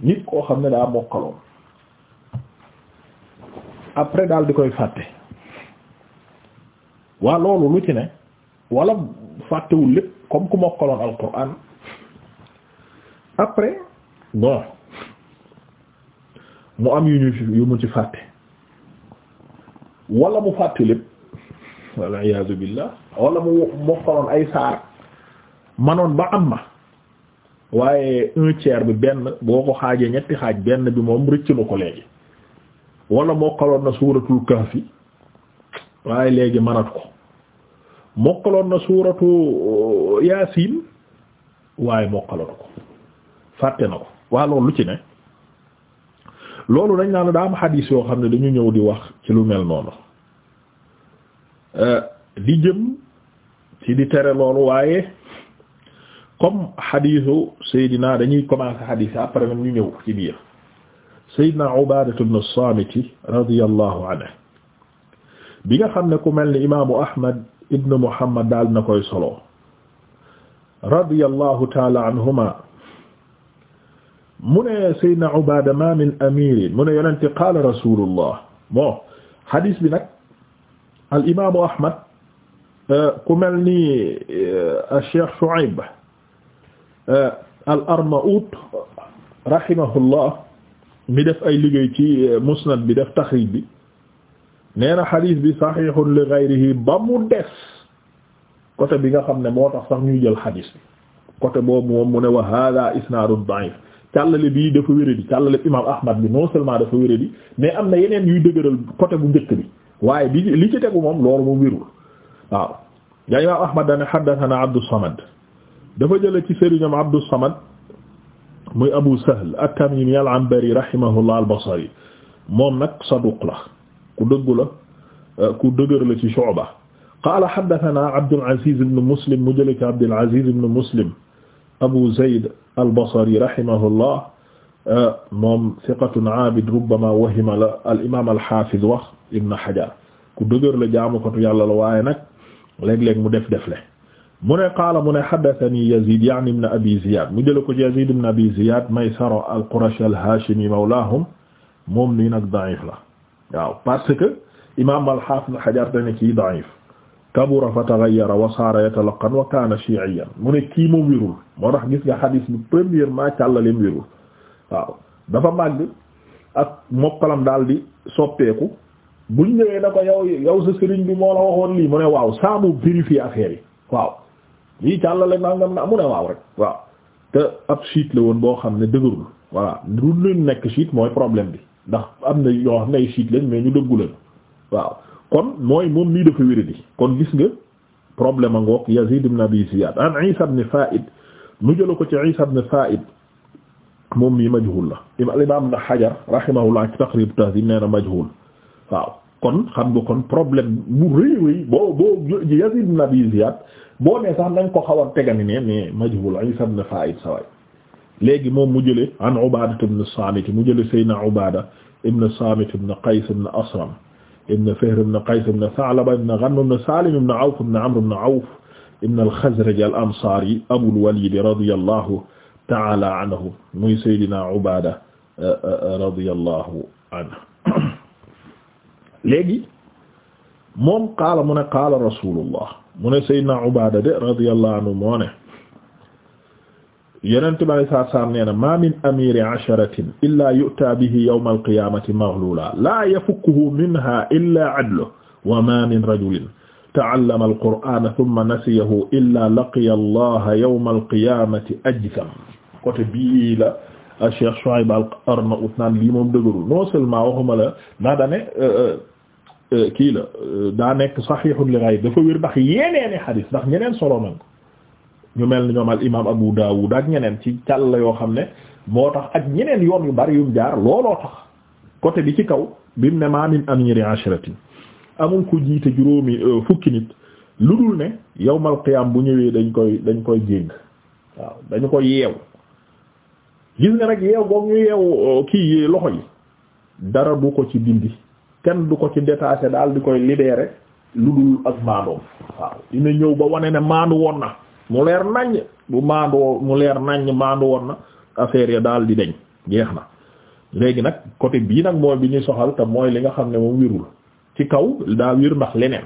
nit koo xam ne daa mokkaloon après daal di koy fàtte waa loolu lu ci ne wala fàttewul lépp comme ku mokkaloon alquran après bon mu am yu ñu yu mu ci fàtte wala mu fàtte lépp wal wala mu mokkaloon ay saar manoon ba am ma waaye un tiers bi benn boo ko xaajee ñetti xaaj benn bi moom rëcc ko léegi wala mokkaloon na suuratul kahfi waaye léegi mënat ko mokkaloon na suuratu uh, yaasin waaye mokkaloon ko fàtte na ko waa loolu lu ci ne loolu dañ naa daa am xadiis yoo xam ne dañu ñëw di wax ci lu mel noonu uh, di jëm ci di tere loolu waaye comme xadiisu Seydina dañuy commencer xadiis après nag ñu ñëw ci biir Seydina Ubaadatu ibnu Saamit radiyallahu anhu bi nga xam ne ku mel ni imaamu Ahmad ibnu Muhammad daal na koy solo radiyallahu taala anhuma mu ne Seydina Ubaada ma min amirin mu ne yonente qaala rasulullah bon xadiis bi nag al imaamu Ahmad ku mel ni eh, Cheikh Shuayb Euh, al Arnaout rahimahullah mi def ay liggéey ci euh, musnad bi def taxriij bi nee na xadiis bi saxiixun li gayrihi ba mu des côté bi nga xam ne moo tax sax ñuy jël xadiis bi côté boobu moom mu ne wa hada isnaadun da'if càllale bii dafa wéradi càllale imaam Ahmad bi non seulement dafa wéradi mais am na yeneen yuy dëgëral côté bu njëkk bi waaye bi li ci tegu moom loolu mu wérul waaw yaa imaam Ahmad dane xaddatana Abdus Samad dafa jële ci sëriñam Abdou Samad muy Abu Sahl at-Tamimi al-Anbari rahimahullah al-Basri moom nag saduq la ku dëggu la euh, ku dëgër la ci Shu'ba qaala haddathana Abdul Aziz ibn Muslim mu jële ci Abdul Aziz ibn Muslim Abu Zayd al-Basri rahimahullah euh, moom thiqatun aabid rubbama wahima la al-imaam al-Haafiz wax Ibn Hajar ku dëgër la jaamukatu yàlla la waaye nag léeg-léeg mu def defle mu ne qaala mu ne haddathani Yazid ya'ni ibn Abi Ziyad mu jële ko Yazid ibn Abi Ziyad Maysara al-Qurashi al-Hashimi mawlaahum moom nii nag da'if la waaw que imaam al-Hafiz Hajar dana kii da'if kabura fa taghayyara wa saara yatalaqan wa kaana shi'iyyan mu ne kii moom wérul moo tax gis nga xadis bi premièrement càllaleem wérul waaw dafa màgg ak mokkalam daal di soppeeku buñ ñëwee na ko yow yow sa sëriñ fi moo la waaw lii càllale nangam na mu ne waaw rek waaw te ab chiite la woon boo xam ne dëgërul voilà du leen nekk chiite mooy problème bi ndax am na yoo xam ne ay chiite lañ mais ñu dëggu waaw kon mooy moom mii dafa wéradi kon gis nga problème a ngoog Yazid ibn Abi Ziyad an Isa ibn Fa'id mu jëla ko ci Isa ibn Fa'id moom mii majhul la imam Ibn Hajar rahimahullah ci Taqrib Tahdhib nee na majhul waaw kon xam nga kon problème bu rëy nañ ko xaw a tegani ne mais majhul Isa ibn Fa'il saway léegi moom mu jële an Ubaada ibn Saamit mu jële Seydina Ubaada ibn Saamit ibn Qays ibn Asram ibn Fihr ibn Qays ibn Sa'laba ibn Ghanm ibn Salim ibn Awf ibn Amr ibn Awf ibn al-Khazraj al-Ansaari Abul Walid radiyallahu ta'ala anhu muy Seydina Ubaada eh, eh, eh, radiyallahu anhu léegi moom qaala mu ne qaala rasulullah mu ne Seydina Ubaada de radiyallahu anhu moo ne yenente bi alei saatu salaam nee na ma min amiri asharatin illa yu'ta bihi yawma alqiyamati maghlula la yafukkuhu minha illa adlu wa ma min rajulin ta'allama alqur'ana thumma nasiyahu illa laqiya allaha yawma alqiyamati ajzam côté bii la Cheikh Shuaib al-Arnaout naan lii moom dëgërul non seulement waxuma la naa dane euh, euh, euh, kii la daa nekk sahihun li ghayr dafa wér ndax yeneeni xadis ndax ñeneen solo nañ ko ñu mel ni ñoom al imaam Abu Dawud ak ñeneen ci càll yoo xam ne moo tax ak ñeneen yoon yu bari yum jaar looloo tax côté bi ci kaw bi mu ne ma amiri ashratin amul ko jiite juróomi fukki nit lu dul ne yawmal qiyaam bu ñëwee dañ koy dañ koy jéng waaw dañu ko yeew gis nga nag yeew boobu ñu yeew euh, kii loxo yi dara du ko ci dindi kenn du ko ci détaché daal di koy libéré lu dul ak maandoom waaw dina ñëw ba wane ne maandu woon na mu leer naññ bu maandoo mu leer naññ maandu woon na affaire ya daal di deñ jeex na léegi nag coté bii nag mooy bi ñuy soxal te mooy li nga xam ne moom wirul ci kaw daa wir ndax leneen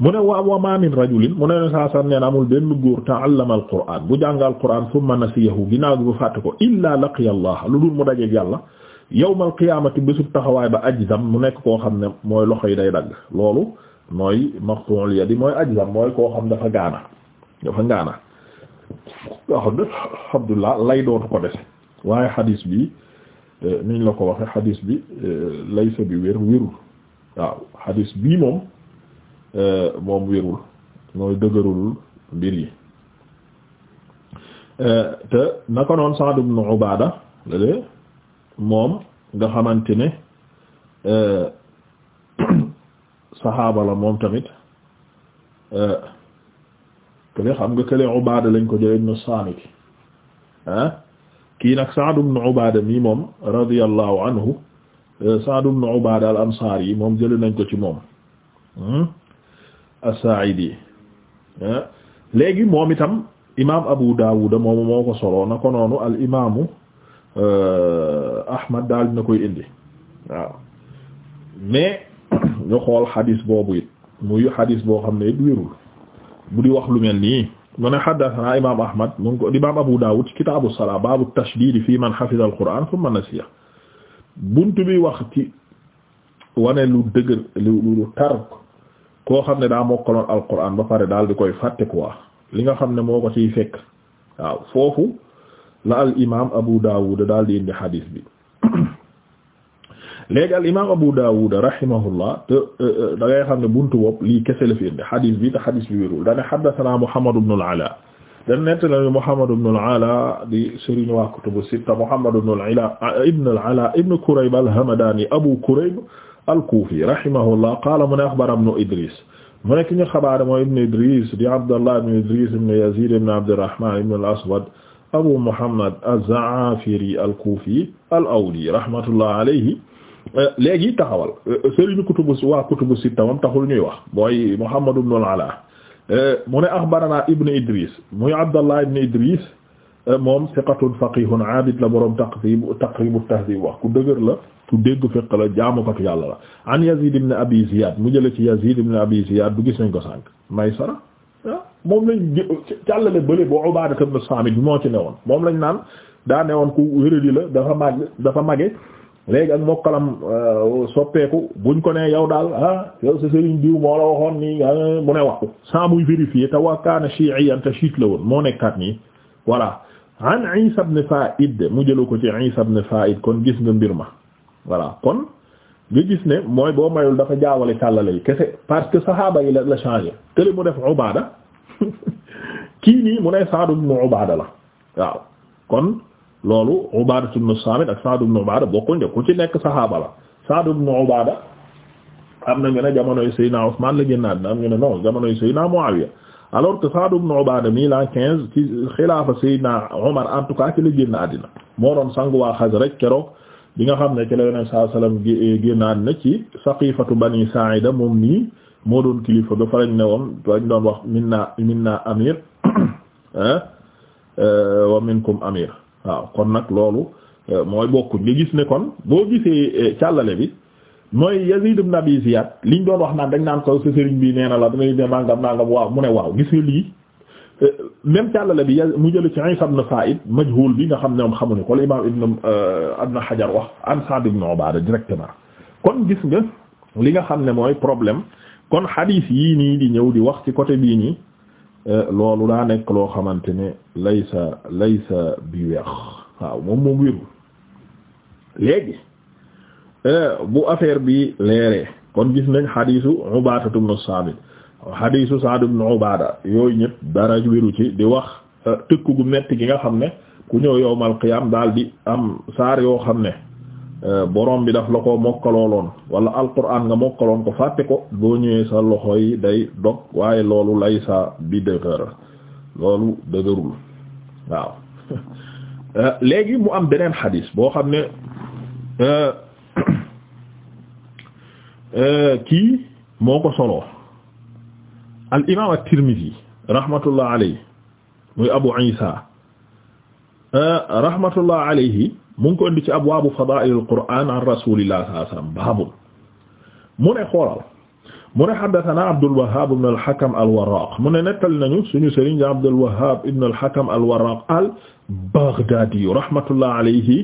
mu ne waaw wa ma min rajulin mu ne saa sax nee amul benn góor ta'allama alquran bu jàngal alquran thumma nasiyahu ginnaaw gi bu fàtte ko illa laqiya allah lu dul mu dajeeg yàlla yawmal qiyaamati bésub taxawaay ba ajzam mu nekk koo xam ne mooy loxo yi day dagg loolu mooy maqtu'ul yadi mooy ajzam mooy koo xam dafa gaana dafa gaana waaw alhamdulillah lay dootu ko dese waaye xadiis bi eh, niñ la ko waxe xadiis bi eh, laysa bi wér wérul waaw xadiis bi moom Euh, moom wérul mooy dëgërul mbir yi euh, te naka noon Sa'd ibn Ubaada lale moom nga xamante ne euh, saxaaba la moom tamit kële xam nga kële Ubaada lañ ko jël ibn Saamit ah kii nag Sa'd ibn Ubaada mii moom radiyallahu anhu Sa'd ibn Ubaada al-Ansaari moom jël nañ ko ci moom hmm? a saidi ah. léegi moom itam imaam Abu Dawud moom moo ko solo na ko noonu al imaamu eh, Ahmad daal dina koy indi waaw mais ñu xool xadis boobu it muy xadis boo xam ne it wérul bu di wax lu mel nii mu ne haddathana imaam Ahmad mu ngi ko imaam Abu Dawud kitaabu salaa baabu tashdiid fii man hafiza al-Qur'aan thumma nasiya buntu bi wax ci wane lu dëgër lu lu tar. koo xam ne daa mokkaloon alquran ba pare daal di koy fàtte quoi li nga xam ne moo ko ciy fekk waaw foofu la al imaam Abu Dawud daal di indi hadith bi léegi al imaam Abu Dawud rahimahullah te e, e, da xam ne buntu bopp lii kese la fi indi hadith bi te hadith bi wérul da ne Muhammad ibn al da di sëriñ waa sitta Muhammad ibn al-Ala ibn al hamadani Abu Kurayb al-Kufi rahimahullah qaala mu ne axbara ibnu Idris mu ne ki ñu xabaar mooy ibnu Idris di Abdallah ibnu Idris ibnu Yazid ibnu Abdirrahman ibnu al-Aswad Abu Muhammad az-Zaafiri al-Kufi al-Awdi rahmatullah alayhi léegi taxawal sëriñu kutubu waa kutubu sitta moom taxul ñuy wax mooy Muhammad ibnu al-Ala mu ne axbarana ibnu Idris muy Abdallah ibnu Idris moom siqatun faqihun abid la boroom Taqrib Taqrib at-Tahdhib wax ku dëgër la tu dégg fiq la jaamukatu yàlla la an Yazid ibn Abi Ziyad mu jële ci Yazid ibn Abi Ziyad bu gis nañ ko sànq may ah moom lañ càllale bële boo Ubaada ibn Saamit bi moo ci newoon moom lañ naan daa newoon ku wéradi la dafa màgg dafa màgge léegi ak mokkalam euh, soppeeku buñ ko ne yow daal ah yow sa sëriñ diw moo la waxoon nii ah, mu ne waxu sans muy te waa kaana shiiyan te chiite la woon moo nekkaat nii voilà an Isa ibn Fa'id mu jële ko ci Isa ibn Fa'id kon gis nga mbir ma voilà kon nga gis ne mooy boo mayul dafa jaawale càllale yi kese parce que saxaaba yi la la changé kële mu def Ubaada kii nii mu ne bu ibn Ubaada la waaw kon loolu Ubaada ibn Saamit ak Saad ibn Ubaada bokkuñ de ku ci nekk saxaaba la bu ibn Ubaada am na ñu ne jamonoy Seydina Usmaan la génnaat na am ñu ne non jamonoy Seydina Muawiya alors que Saad ibn Ubaada mii la quinze ci xilaafa Seydina Umar en tout cas ci la génn àddina moo doon sangu waa Xasraj keroog bi nga xam ne ci la yoneen saa salaam eh, génnaan na ci saqifatu bani Sa'ida moom nii moo doon kilifa ga fa ne woon dañ doon wax minna minna amir eh, eh, wa minkum amir waaw kon nag loolu mooy bokkuñ nga gis ne kon boo gisee càllale bi mooy Yazid ibn Abi Ziyad liñ doon wax naan dañ naan ko sa sëriñ bi nee na la damay ne nangam nangam waaw mu ne waaw gis lii même càllale bi mu jële ci Isa ibn Sa'id majhul bi nga xam ne moom xamuñu ko al imam ibn euh, ibn Hajar wax an Sa'd ibn Ubaada directement kon gis nga li nga xam ne mooy problème kon hadith yii nii di ñëw di wax ci côté bii nii euh, loolu daa nekk loo xamante ne laysa laysa bi weex waaw moom moom wérul léegi euh, bu affaire bi leeree kon gis nañ hadithu Ubaadatu ibn Saamit xadiisu Sa'd ibn Ubaada yooyu ñëpp dara wéru ci di wax euh, tëkk gu metti gi nga xam ne ku ñëw yowmal qiyaam daal di am saar yoo xam ne euh, borom bi daf la ko mokkalooloon wala alquran nga mokkaloon ko fàtte ko boo ñëwee sa loxo yi day dog waaye loolu lay saa bi dëgër loolu dëgërul waaw euh, léegi mu am beneen xadiis boo xam ne kii moo ko solo al imaam at-Tirmidhi rahmatullah alayhi muy Abu Isa ah, rahmatullah alayhi mu ngi ko indi ci abwaabu fadaa'ilil Qur'aan an rasuulillah sallallahu alayhi wa sallam baabul mu ne xoolal mu ne haddathana Abdul Wahhab ibn al-Hakam al-Warraq mu ne nettali nañu suñu sëriñ di Abdul Wahhab ibn al-Hakam al-Warraq al-Baghdadi rahmatullah alayhi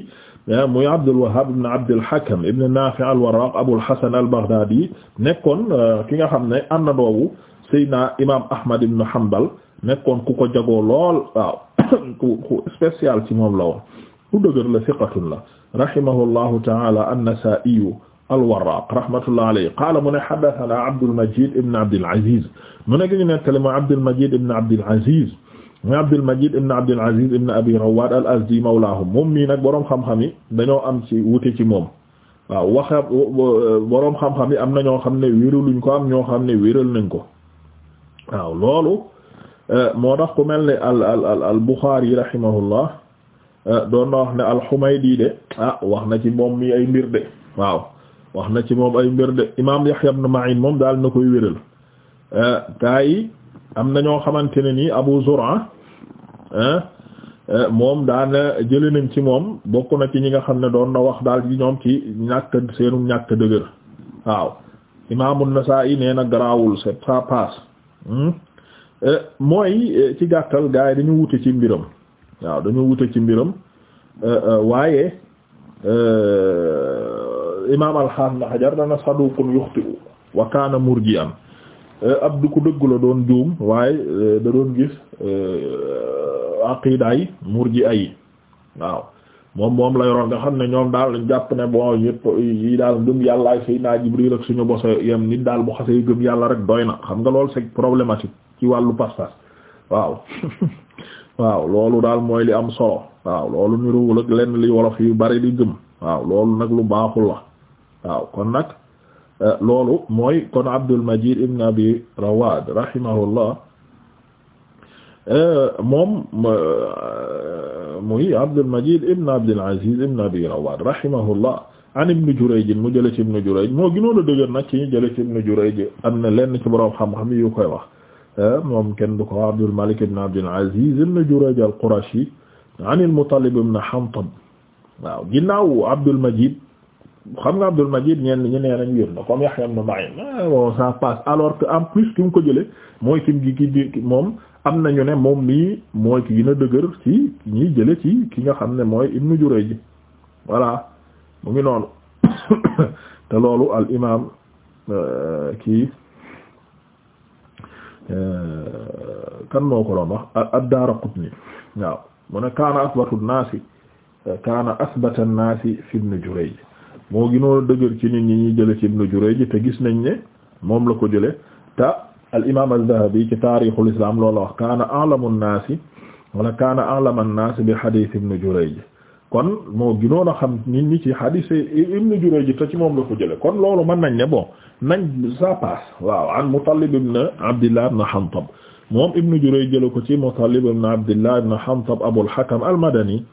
ah, muy Abdul Wahhab ibn Abdul Hakam ibn Naafi' al-Warraq Abul Hasan al-Baghdadi nekkoon ah, ki nga xam ne am na doobu Seydina imaam Ahmad ibn Hanbal nekkoon ku ko jagoo lool waaw ku ku spécial ci moom la woon ku dëgër la siqatun la rahimahullahu ta'ala an-Nasaa'i al-Warraaq rahmatullah alayhi ne haddathanaa Abdul Majid ibn mu ne ñu nettali ma Abdul Majid ibn Abdil Aziz mu Abdul Majid ibn Abdil Aziz ibn Abi Rawwaad al-Azdi mawlaahum moom mii nag boroom xam-xam yi dañoo am ci wute ci moom waaw waxe boroom xam-xam am na ñoo xam ne wéraluñ ko am ñoo xam ne wéral nañ ko waaw loolu euh, moo tax ku mel ni al al al al Bukhari rahimahullah euh, doon na wax ne al Humaydi de ah wax na ci moom mi ay mbir de waaw wax na ci moom ay mbir de imaam Yahya ibn Ma'in moom daal na koy wéral euh, gaa yi am na ñoo xamante ne nii Abu Zur'a moom daan jëlee nañ ci moom bokk na ci ñi nga xam ne doon na wax daal ci ñoom ci ñàkk seenum ñàkk dëgër waaw imaamu Nasaa'i nee na garaawul c'est ça passe Hmm? Eh, mooy eh, ci gàttal gars yi dañu wute ci mbiram waaw dañu wute ci mbiram eh, waaye imaam alxaam na xajar dana saduqun yuxti'u wa kaana murji'an ab du ko dëggu la doon juum waaye da doon gis aqiidaay murji ay waaw moom moom la yoroon nga xam ne ñoom daal jàpp ne bon yëpp yi daal ngëm yàlla suñu boso yam nit daal bu xasee gëm yàlla rek doy na xam nga loolu c'est problématique ci wàllu pas-pas waaw waaw loolu daal mooy li am solo waaw loolu niruwul ak lenn li wolof yu bari di gëm waaw loolu nag lu baaxul la waaw kon nag eh, loolu mooy kon Abdul Majid ibn Abi Rawad rahimahullah eh, moom eh, muy Abdul Majid ibn Abdul Aziz ibn Abi Rawad rahimahullah an Ibn Jurayj mu jële ci Ibn Jurayj moo gënoon a dëgër nag ci ñu jële ci Ibn Jurayj am na lenn ci borom xam-xam yu koy wax moom kenn du ko Abdul Malik ibn Abdul Aziz ibn Jurayj al-Qurashi an al-Muttalib ibn Hamtab waaw ginnaaw Abdul Majid xam nga Abdul Majid ñenn ñi nee nañ wér na comme Yahya ibn Ma'in ah, bon ça passe alors que en plus ki mu ko jële mooy ki mu gi ki moom am nañu ne moom mii mooy ki gën a dëgër ci ñiy jële ci ki nga xam ne mooy ibnu Jurayj ji voilà mu ngi noonu te loolu al imaam euh, kii euh, kan moo ko doon wax ad-Daaraqutni waaw mu ne kaana asbatu naasi kaana asbata naasi fi ibnu Jurayj moo gënoon a dëgër ci nit ñi ñuy jële ci ibnu Jurayj ji te gis nañ ne moom la ko jële ta al imaam az-Zahabi ci taarixul islam loolu wax kaana a'lamu an-naasi wala kaana a'lamu an-naasi bi hadiis Ibn Jurayj kon moo gënoon a xam nit ñi ci hadiis Ibn Jurayj te ci moom la ko jële kon loolu mën nañ ne bon nañ ça passe waaw an Mutallib ibn Abdillah ibn Hantab moom Ibn Jurayj jële ko ci Mutallib ibn Abdillah ibn Hantab Abul Hakam al-Madani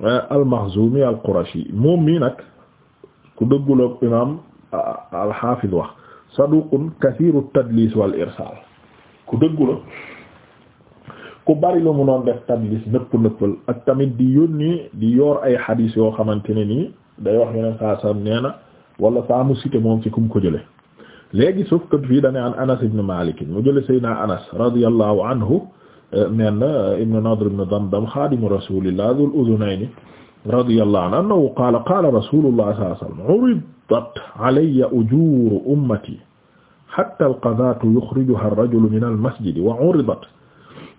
eh, al-Makhzumi al-Qurashi moom mii nag ku dëggul ak imaam ah, al-Hafiz wax. saduqun kathiru tadlis wal irsal ku dëggu la ku bari la mu noon def tadlis nëpp nëppal ak tamit di yónni di yor ay xadiis yoo xamante ne nii day wax yeneen saa sam nee na wala saa mu cité moom ci kum ko jële léegi suuf kat fii dane an anas ibn malik mu jële sayna anas radiyallahu anhu eh, nen ibn nadr ibn damdam xaadimu rasulillah dhul udhunayni radiyallahu anhu annahu qaala qaala rasulullah sallallahu alayhi wa sallam uridat alayya ujuuru ummati hatta alqadaatu yuxrijuha arrajulu min almasjidi wa uridat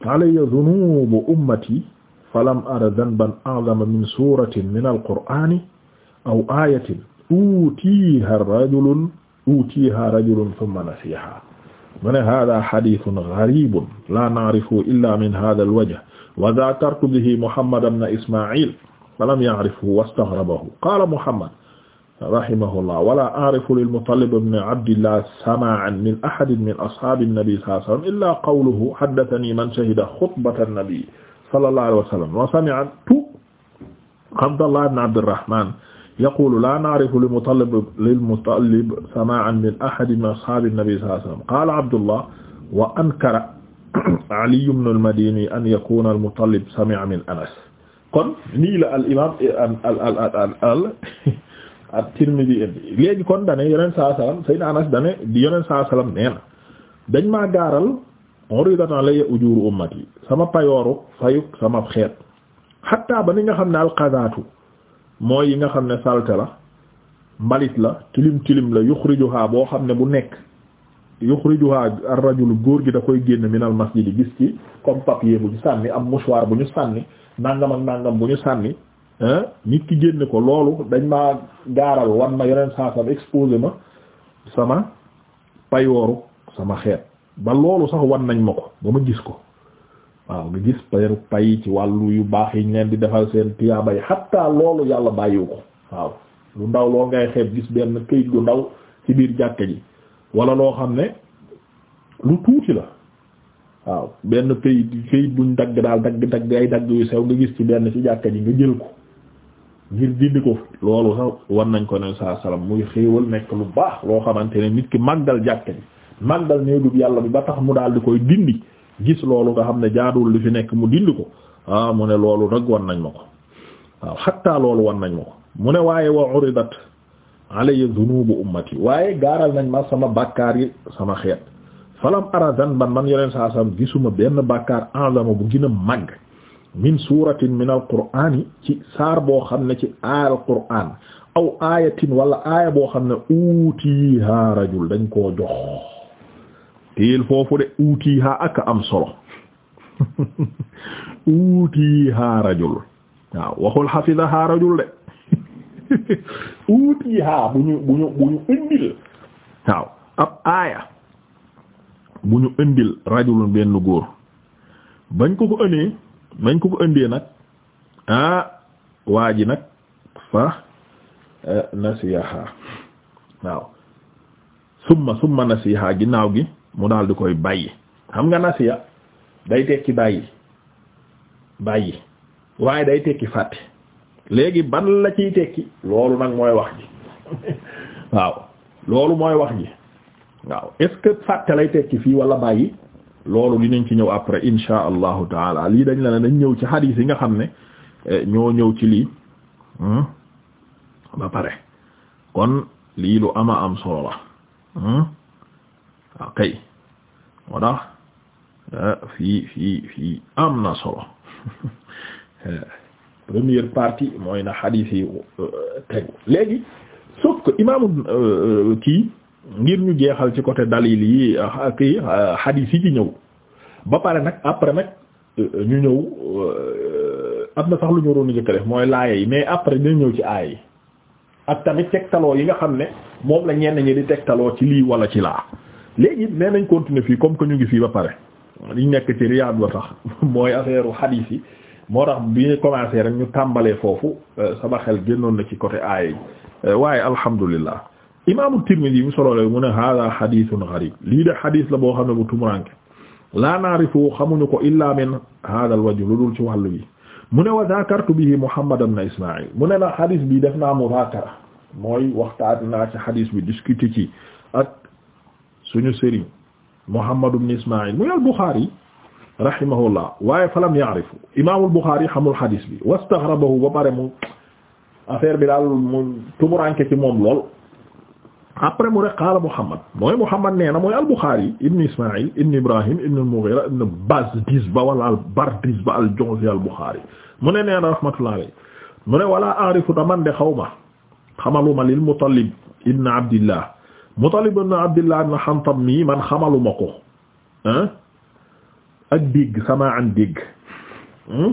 alayya dunuubu ummati falam ara danban a'zama min suuratin min alqur'aani aw aayatin uutiiha rajulun uutiiha rajulun thumma nasiihaa mu ne haadaa hadiisun gariibun laa na'rifuhu illaa min haadhal wajh wa dhaakartu bihi Muhammadan ibna Ismaa'iil falam ya'rifhu wastaghrabah qaala Muhammad rahimahullah wala a'rifu lil-Mutallib ibn Abdillah samaa'an min ahadin min ashaabi an-nabi sallallahu alayhi wa sallam illaa qawluhu haddathanii man shahida khutbata an-nabi sallallahu alayhi wa sallam wa sami'tu Abdallah ibn Abdirrahmaan yaqulu laa na'rifu lil-Mutallib lil-Mutallib samaa'an min ahadin min ashaabi an-nabi sallallahu alayhi wa sallam qaala Abdullah wa ankara Ali ibn al-Madini an yakuuna al-Mutallib sami'a min Anas kon nii la al-imaam al al al al. ak Tirmidhi léegi kon dane yoneen saa salaam Sayyid Anas dane di yoneen saa salaam nee dañ maa gaaral uridat alayya ujuru ummati sama payooru fayuk sama xeet xatta ba ni nga xam ne alqadaatu mooy yi nga xam ne salte la mbalit la tilim tilim la yuxrijuha boo xam ne bu nekk yuxrijuha ar-rajul góor gi da koy génn minal masjid gis ci comme papier bu ñu sànni am mouchoir bu ñu sànni ndàngam ak nangam bu ñu sànni nit ki génne ko loolu dañ ma gaaral wan ma yeneen saa sam exposé ma sama payooru sama xeet ba loolu sax wan nañ ma ko ba ma gis ko waaw nga gis payoru pay ci wàllu yu baax yi leen di defal seen tiyaaba yi xatta loolu yàlla bàyyiwu ko waaw lu ndaw loo ngay xeet gis benn këyit gu ndaw ci biir jàkka ji wala loo xam ne lu tuuti la waaw benn këyit këyit buñ dagg daal dagg dagg ay dagg yu sew nga gis ci benn ci jàkka ji nga jël ko ngir dindi ko loolu sax war nañ ko ne saa salaam muy xéewal nekk lu baax loo xamante ne nit ki màggal jàkke bi màggal néegub yàlla bi ba tax mu daal di koy dindi gis loolu nga xam ne jaaduwul li fi nekk mu dindi ko ah mu ne loolu nag war nañ ma ko waaw xatta loolu war nañ ma ko mu ne waaye wa uridat alayya dhunubu ummati waaye gaaral nañ ma sama bàkkaar yi sama xeet falam ara zanban man yoneen saa salaam gisuma benn bàkkaar a'zamu bu gina a màgg min suuratin min alqur'ani ci saar boo xam ne ci aayal qur'an aw aayatin wala aaya boo xam ne uutiiha rajul dañ koo jox teel foofu de uutiiha ak am solo uutiiha rajul waaw waxul hafizaha rajul de uutiiha bu ñu indil waaw ab aaya bu ñu indil rajulun benn góor bañ ko ko ënnee nañ ko ko indee nag ah waa ji nag fa eh, nasiha waaw summa summa nasiha ginnaaw gi mu daal di koy bàyyi xam nga nasiya day tekki bàyyi bàyyi waaye day tekki fàtte léegi ban la ciy tekki loolu nag mooy wax ji waaw loolu mooy wax ji waaw est que fàtte lay tekki fii wala bàyyi loolu dinañ ci ñëw après insha allahu taala lii dañ la ne dañ ñëw ci hadith yi nga xam ne eh, ñoo ñëw ci lii hmm? ba pare kon lii lu ama am solo la waaw hmm? ah, kay moo tax eh, fii fii fii am na solo eh, première partie mooy na hadith yi tegu léegi sauf imaamu kii ngir ñu jeexal ci côté dalil yi ak hadith yi ci ñëw ba pare nag après nag euh, ñu ñëw euh, am na sax lu ñu waroon a jëkk def mooy laaya yi mais après dina ñëw ci aaya yi ak tamit tegtaloo yi nga xam ne moom la ñeen ñi di tegtaloo ci lii wala ci laa léegi nee nañ continuer fii comme que ñu ngi fii ba pare li nekk ci Riyad ba tax mooy affaire hadith yi moo tax bi ñu commencé rek ñu tàmbalee foofu euh, sama xel génnoon na ci côté aaya yi waaye alhamdulillah imaamu Tirmidhi mu solo mu ne hada hadithun gharib lii de hadith la boo xam ne bu tumuranke laa naarifu xamuñu ko illa min hada al wajh lu dul ci wàllu yi mu ne wa zakartu bihi Muhammad ibn Ismaïl mu ne la hadith bi def naa muzaakara mooy waxtaan naa ci hadith bi discuter ci ak suñu sëriñ Muhammad ibn Ismaïl muy al-Bukhari rahimahullah waaye falam yaarifu imaamul Bukhari xamul hadith bi wastaghrabahu ba pare mu affaire bi daal mu tumuranke ci moom lool. après mu ne qaala Muhammad mooy Muhammad nee na mooy ibn Ismaïl ibn Ibrahim ibn al-Mughira ibn Bazdizba wala al-Bardizba al-Ju'fi al-Bukhari mu ne nee na rahmatullahi alayhi mu ne wala aarifu ta man de xaw ma xamaluma lil Mutallib ibn Abdillah Mutallib ibn Abdillah ibn Hantam mii man xamaluma ko ah ak sama an hmm?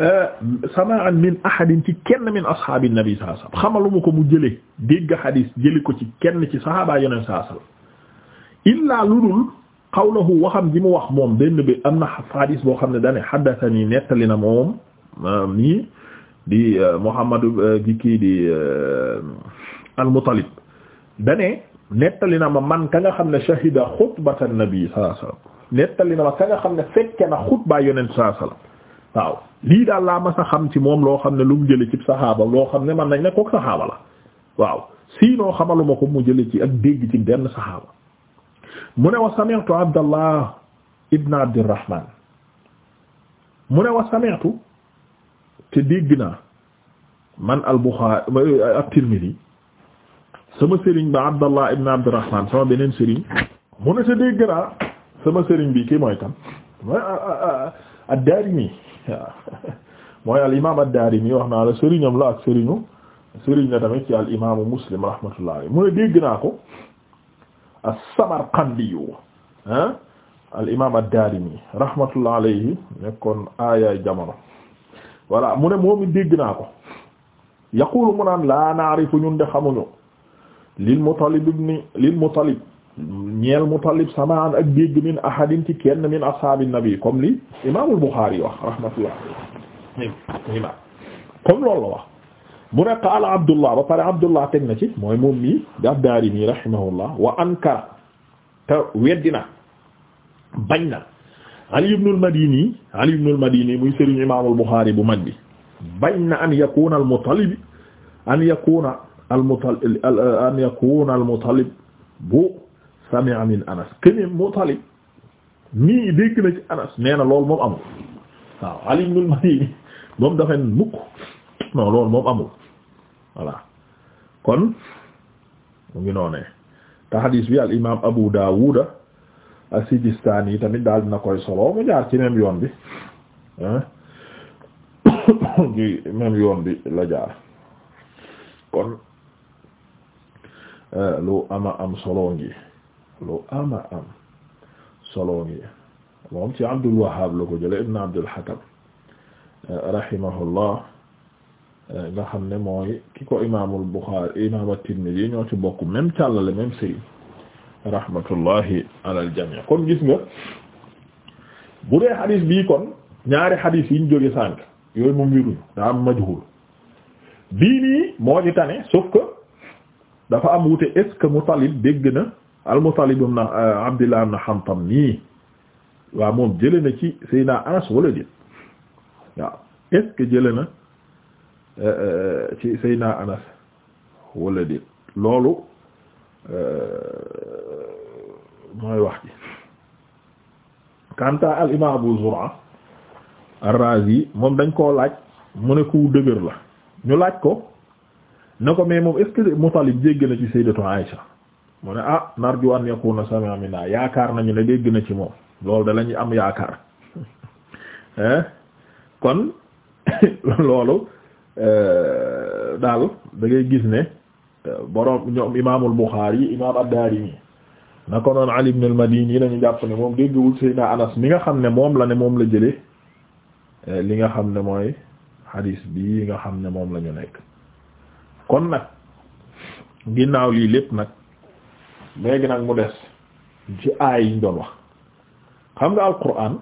Euh, samaan min ahadin ci kenn min ashaabi nabi sallallahu alayhi wasallam xamaluma ko mu jële dégg xadiis jële ko ci kenn ci saxaabaa yoneen sallallahu alayhi wasallam illaa ludul qawluhu waxam ji mu wax moom benn bi am na xadiis boo xam ne dane xaddatani nettali na moom nii di euh, Muhammadu gi euh, kii di al-Muttalib na ma man ka nga xam ne shahida xutbatan nabi sallallahu alayhi wasallam nettali na ma ka nga xam ne fekke na xutbaa yoneen sallallahu alayhi waaw lii daal laa mas a xam ci moom loo xam ne lu mu jële ci saxaaba loo xam ne man nañ ne kook saxaaba la waaw siinoo xamaluma ko mu jële ci ak dégg ci benn saxaaba mu ne wa sami'tu abdallah ibn abdirahman mu ne wa sami'tu te dégg naa man al Buxaari ak Tirmidi sama sëriñ ba abdallah ibn abdirahman sama beneen sëriñ mu ne te dégg naa sama sëriñ bi kii mooy tam mooy ad waaw mooy al imaam ad-Daarimi wax naa la sëriñam la ak sëriñu sëriñ la tamit ci al imaamu Muslim rahmatullah alayhi mu ne dégg naa ko as-Samarqandi ah al imaam ad-Daarimi rahmatullah alayhi nekkoon aayaay jamono voilà mu ne moom it dégg naa ko yaqulu mu naan laa naarifu ñun de xamuñu lil Muttalib ibn lil Muttalib ñeel Mutalib samaan ak dégg min ahadin ci kenn min ashaabi nabi comme li imaamul Buxaari wax rahmatullah imaam comme loolu la wax mu ne qaala Abdullah ba pare Abdullah teg na ci mooy moom mii di ad-Daarimi rahimahullah wa ankara te weddi na bañ na Ali ibn al-Madini Ali ibn al-Madini muy sëriñ imaamul Buxaari bu mag bi bañ na an yakuna al-Mutalib an yakuna al-Mutalib an yakuna al-Mutalib bu sami'a min anas kene Mutalib nii dégg na ci anas nee na moom amul waaw Ali ibn moom dafa mukk non loolu moom amul voilà kon mu ngi noonee te bi al imaam Abu Dawud as-Sijistani yi tamit daal dina koy solo mu jaar ci même yoon bi ci même yoon bi la jaar kon euh, lu ama am solo ngi lu ama am solo ngi moom ci Abdul Wahhab la ko jële ibn Abdul Hakam rahimahullah nga xam ne mooy ki ko imaamul Bukhari imaam at-Tirmidhi ñoo ci bokk même càllale même sëy rahmatullahi alal jamii kon gis nga bu dee xadis bii kon ñaari xadis yi ñu jóge sànq yooyu moom wiruñu daa am majhul bii nii moo ci tane sauf dafa am wute est-ce que na al-Muttalib ibn euh, Abdillah ibn Hantam nii waaw moom jële na ci Seydina Anas wala déet waaw est-ce jële na euh, euh, ci Seydina Anas wala déet loolu mooy wax ji kanta al imam Abu Zur'a ar-Razi moom dañ koo laaj mu ne ku dëgër la ñu laaj ko ne ko mais moom est-ce que ci Sayyidatu Aïsha mu ne ah narju an yakuna sami'a minna yaakaar nañu ne dégg na ci moom loolu da am yaakaar eh? kon loolu eh, daal dangay gis ne eh, boroom ñoom imaamul Buxaari imaam ad-Daarimi na ko noon Ali ibn al-Madini lañu jàpp ne moom déggwul na Anas mi nga xam ne moom la ne moom la jële li nga xam ne mooy xadiis bii nga xam ne moom lañu ñu nekk kon nag ginnaaw lii lépp nag léegi nag mu des ci aay yiñ doon wax xam nga alquran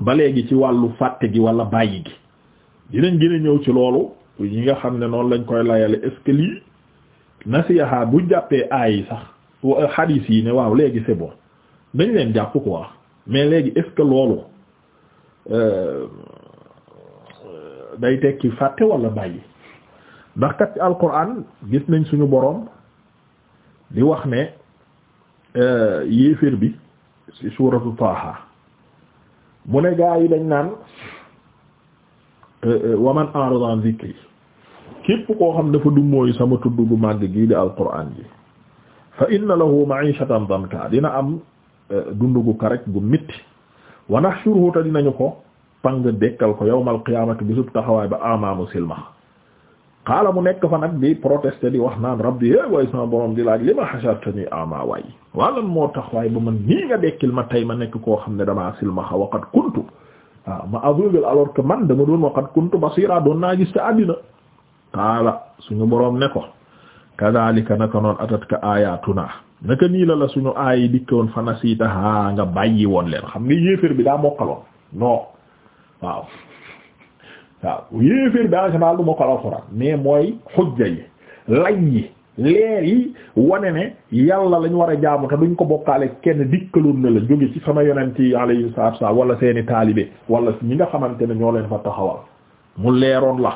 ba léegi ci wàllu fàtte gi wala bàyyi gi dinañ gën a ñëw ci loolu yi nga xam ne noonu lañ koy layale est ce que lii nasiha bu jàppee aay yi sax xadiis yi ne waaw léegi c'est bon leen jàpp quoi mais léegi est ce que loolu euh, day tekki fàtte wala bàyyi ndax kat ci alquran gis nañ suñu boroom di wax ne euh, yéeféer bi ci suuratu Taaha mu ne gaa yi dañ naan euh, euh, waman a'rada an zikri képp koo xam dafa dummóoyu sama tudd gu màgg gii di alquran ji fa inna lahu ma'ishatan danka dina am dund gu karek gu mitti wa nahshuruhu dinañu ko pang dekkal ko yawmal qiyaamati bisub taxawaay ba amaamu silmax xaala mu nekk fa nag di protester di wax naan rabbi é eh, waaye sama borom di laaj li ma hashartani ama waay waalan moo tax way ba man nii nga dekkil ma tey ma nekk ko xam ne damaa silmaxa waqad kuntu waaw ah, ma aveugle alors que man dama doon waqad kuntu basira doon naa gis ta àddina xaala suñu borom ne ko kadhalika naka noon atatka ayatuna naka nii la la suñu aayi dikkoon fa nasiitaha nga bàyyi woon leen xam nga yéeféer bi daa mokkaloon non waaw waaw yéeféer bi en général du ma ko alxuraan mais mooy xujja yi lay yi leer yi wane ne yàlla lañu war a jaamu te duñ ko bokkaale kenn dikkaloon na la jóge ci sama yonent yi alayhi salaatu wa salaam wala seeni taalibe wala ñi nga xamante ne ñoo leen fa taxawal mu leeroon la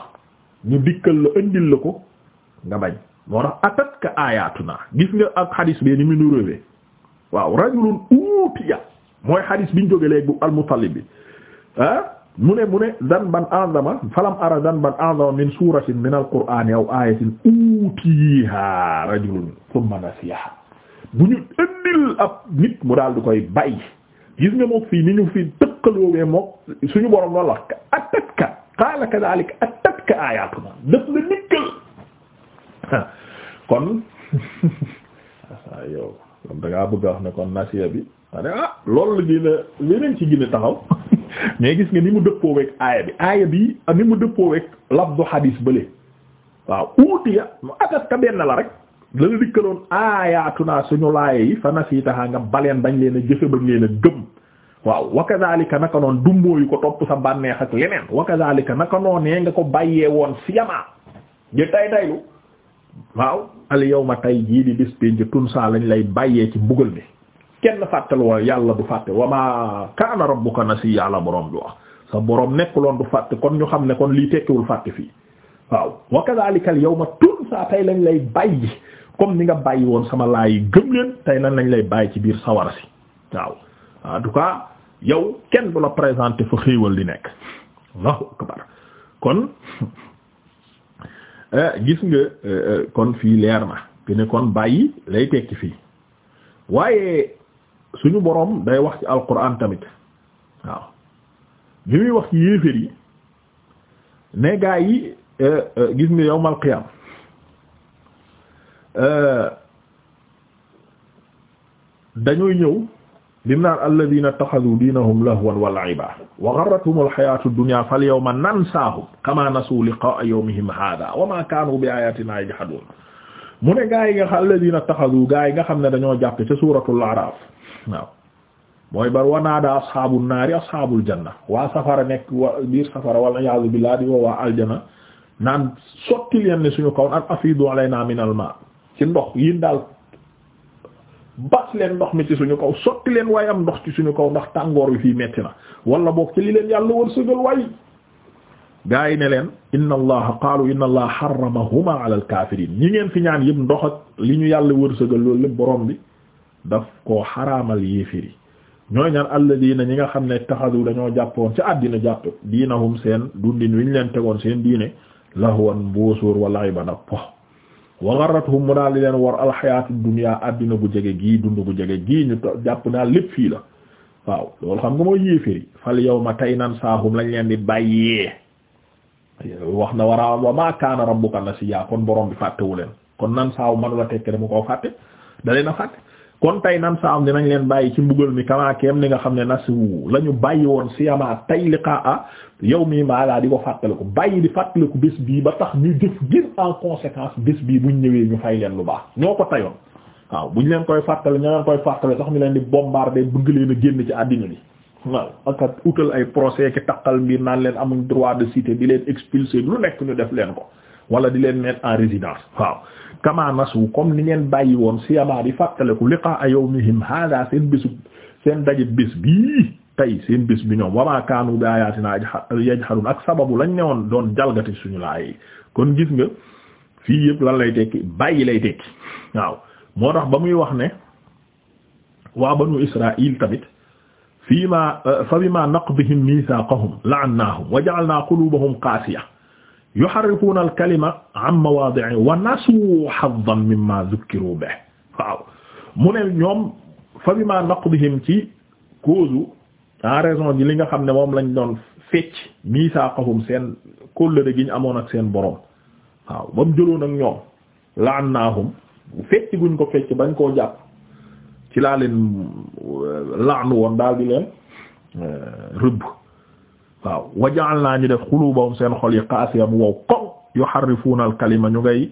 ñu dikkal la indil la ko nga bañ moo tax atat ka aayaatu naa gis nga ak xadis bee ni mu nu réwee waaw rajulun utiya mooy xadis biñ jóge léegi bu al-Muttalib ah mu ne mu ne zanban a'zama falam ara zanban a'zama min suratin min al aw ayatin utiha rajulun thumma nasiha bu ñu ëndil ab nit mu daal di koy bàyyi gis nga moom fii ni ñu fi tëqaloowee moom suñu borom loolu wax atatka qala kadhalika atatka ayatuna def la nikkal kon yow kon da ngaa bëgg a wax ne kon nasiya bi ma ah loolu la gën leneen ci gën a taxaw mais gis nga ni mu dëppoo weeg aaya bi aaya bi ni mu dëppoo weeg labdu xadis bële waaw uutiya mu atas ka benn la rek la la dikkaloon aayatunaa suñu laaya yi fa nasiitaha nga baleen bañ leen a jëfe bañ leen a gëm waaw wa kadhalika naka noon dummóoyu ko topp sa bànneex ak leneen wa kadhalika naka noonee nga ko bàyyee woon siyamaa jë tay taylu waaw al tay jii di bis pénc tunsa lañ lay bàyyee ci mbugal mi kenn fàttal wa yàlla du fàtte wa ma kaana rabbuka nasiya yàlla boroom bi wax sa borom nekkuloon du fàtte kon ñu xam ne kon lii tekkiwul fàtte fii waaw wa kadhalika al yawma tunsa tey lañ lay bàyyi comme ni nga bàyyi woon sama laay gëm leen tey nan lañ lay bàyyi ci biir sawar si waaw en tout cas yow kenn du la présenter fa xéewal di nekk allahu kon eh, gis nga eh, eh, kon fii leer na que ne kon bàyyi lay tekki fii waaye suñu boroom day wax ci alquran tamit waaw bi muy wax ci yéeféer yi ne gaa yi euh, euh, gis nga yawmal qiyaam euh, dañuy ñëw lim naan alladina taxadu diinahum lahwan wa la'iba wa gharratuhum alxayatu dunya falyawma nansaahum kama nasuu liqaa yawmihim hada wa ma kaanu bi ayatina yajhadun mu ne gaa yi nga alladina taxadu gaa yi nga xam ne dañoo jàpp ca suuratul Araf waaw mooy bar wanaada asxaabul naari asxaabul janna waa safara nekk wa biir safara wal di woo waa aljana naan sotti leen ne suñu kaw an afiidu alaynaa minal maa ci ndox yin daal bas leen ndox mi ci suñu kaw sotti leen waaye am ndox ci suñu kaw ndax tàngoor wi fii metti na wala boog ci li leen yàlla wërsëgal waay gaa yi ne leen inna allaha qaalu inna allaha xaramahuma ala alkaafiriin ñi ngeen fi ñaan yëpp ndox ak li ñu yàlla wërsëgal loolu lépp borom bi daf koo xaraamal yéefiri ñooy ñaan alladina ñi nga xam ne taxadu dañoo jàppoon ci àddina jàpp diinahum seen dundin wi ñu leen tegoon seen diine lahwan mbóosóor wala iban ak pox wa garratuhum mu daal di leen war alxayaatu dunya àddina bu jege gii dund bu jege gii ñu jàpp naa lépp fii la waaw loolu xam nga mooy yéefiri fal yawma wax na war a wa ma kaana rabbuka nasiya kon borom bi fàttewu leen kon nan saaw manula tekki mu koo fàtte da na a fàtte kon tey nan saaw dinañ leen bàyyi ci mbugal mi kamaakeem li nga xam ne nasiwu la ñu bàyyi woon siyamaa tay a yow mii maa laa di ko fàttaliku bàyyi di fàttaliku bés bii ba tax ñu jëf gën en conséquence bés bii buñ ñëwee ñu fay leen lu baax ñoo ko tayoon waaw ñu leen koy fàttali ñoo leen koy fàttali sax ñu leen di bombarder bëgg ci àddina bi waaw ak utal ay procès ki taqal mbir naan leen amuñ droit de cité di leen expulser lu nekk ñu def leen ko wala di leen mettre en résidence waaw kama nasu comme ni ngeen bàyyi woon si siyamaa di fàttaleku liqaa yawmihim hada seen bésub seen daje bés bii tey seen bés bi ñoom wamaa kaanu bi ayatina yajharun ak sababu lañ ne woon doon jalgati suñu laay kon gis nga fii yëpp lan lay tekki bàyyi lay tekki waaw moo tax ba muy wax ne waa banu Israël tamit fii ma eh, fa bima naqdihim mithaqahum la'annahum wa ja'alna qulubahum qasiyah yuharrifuna al-kalima 'an mawadi'ihi wa nasu haddan mimma dhukkiru bihi waaw mu ne ñoom fa bima naqdihim ci cause en raison ji li nga xam ne moom lañ doon fecc mithaqahum seen kóllëre gi ñu amoon ak seen borom waaw ba mu jëloon ak ñoom la'annahum fecc guñ ko fecc bañ koo jàpp ci laa leen euh, laanu woon daal di leen euh, rëbb waaw wajaal naa ñu def xulubahum seen xol yi qaasiyam wow koŋ yuharrifuuna al kalima ñu ngay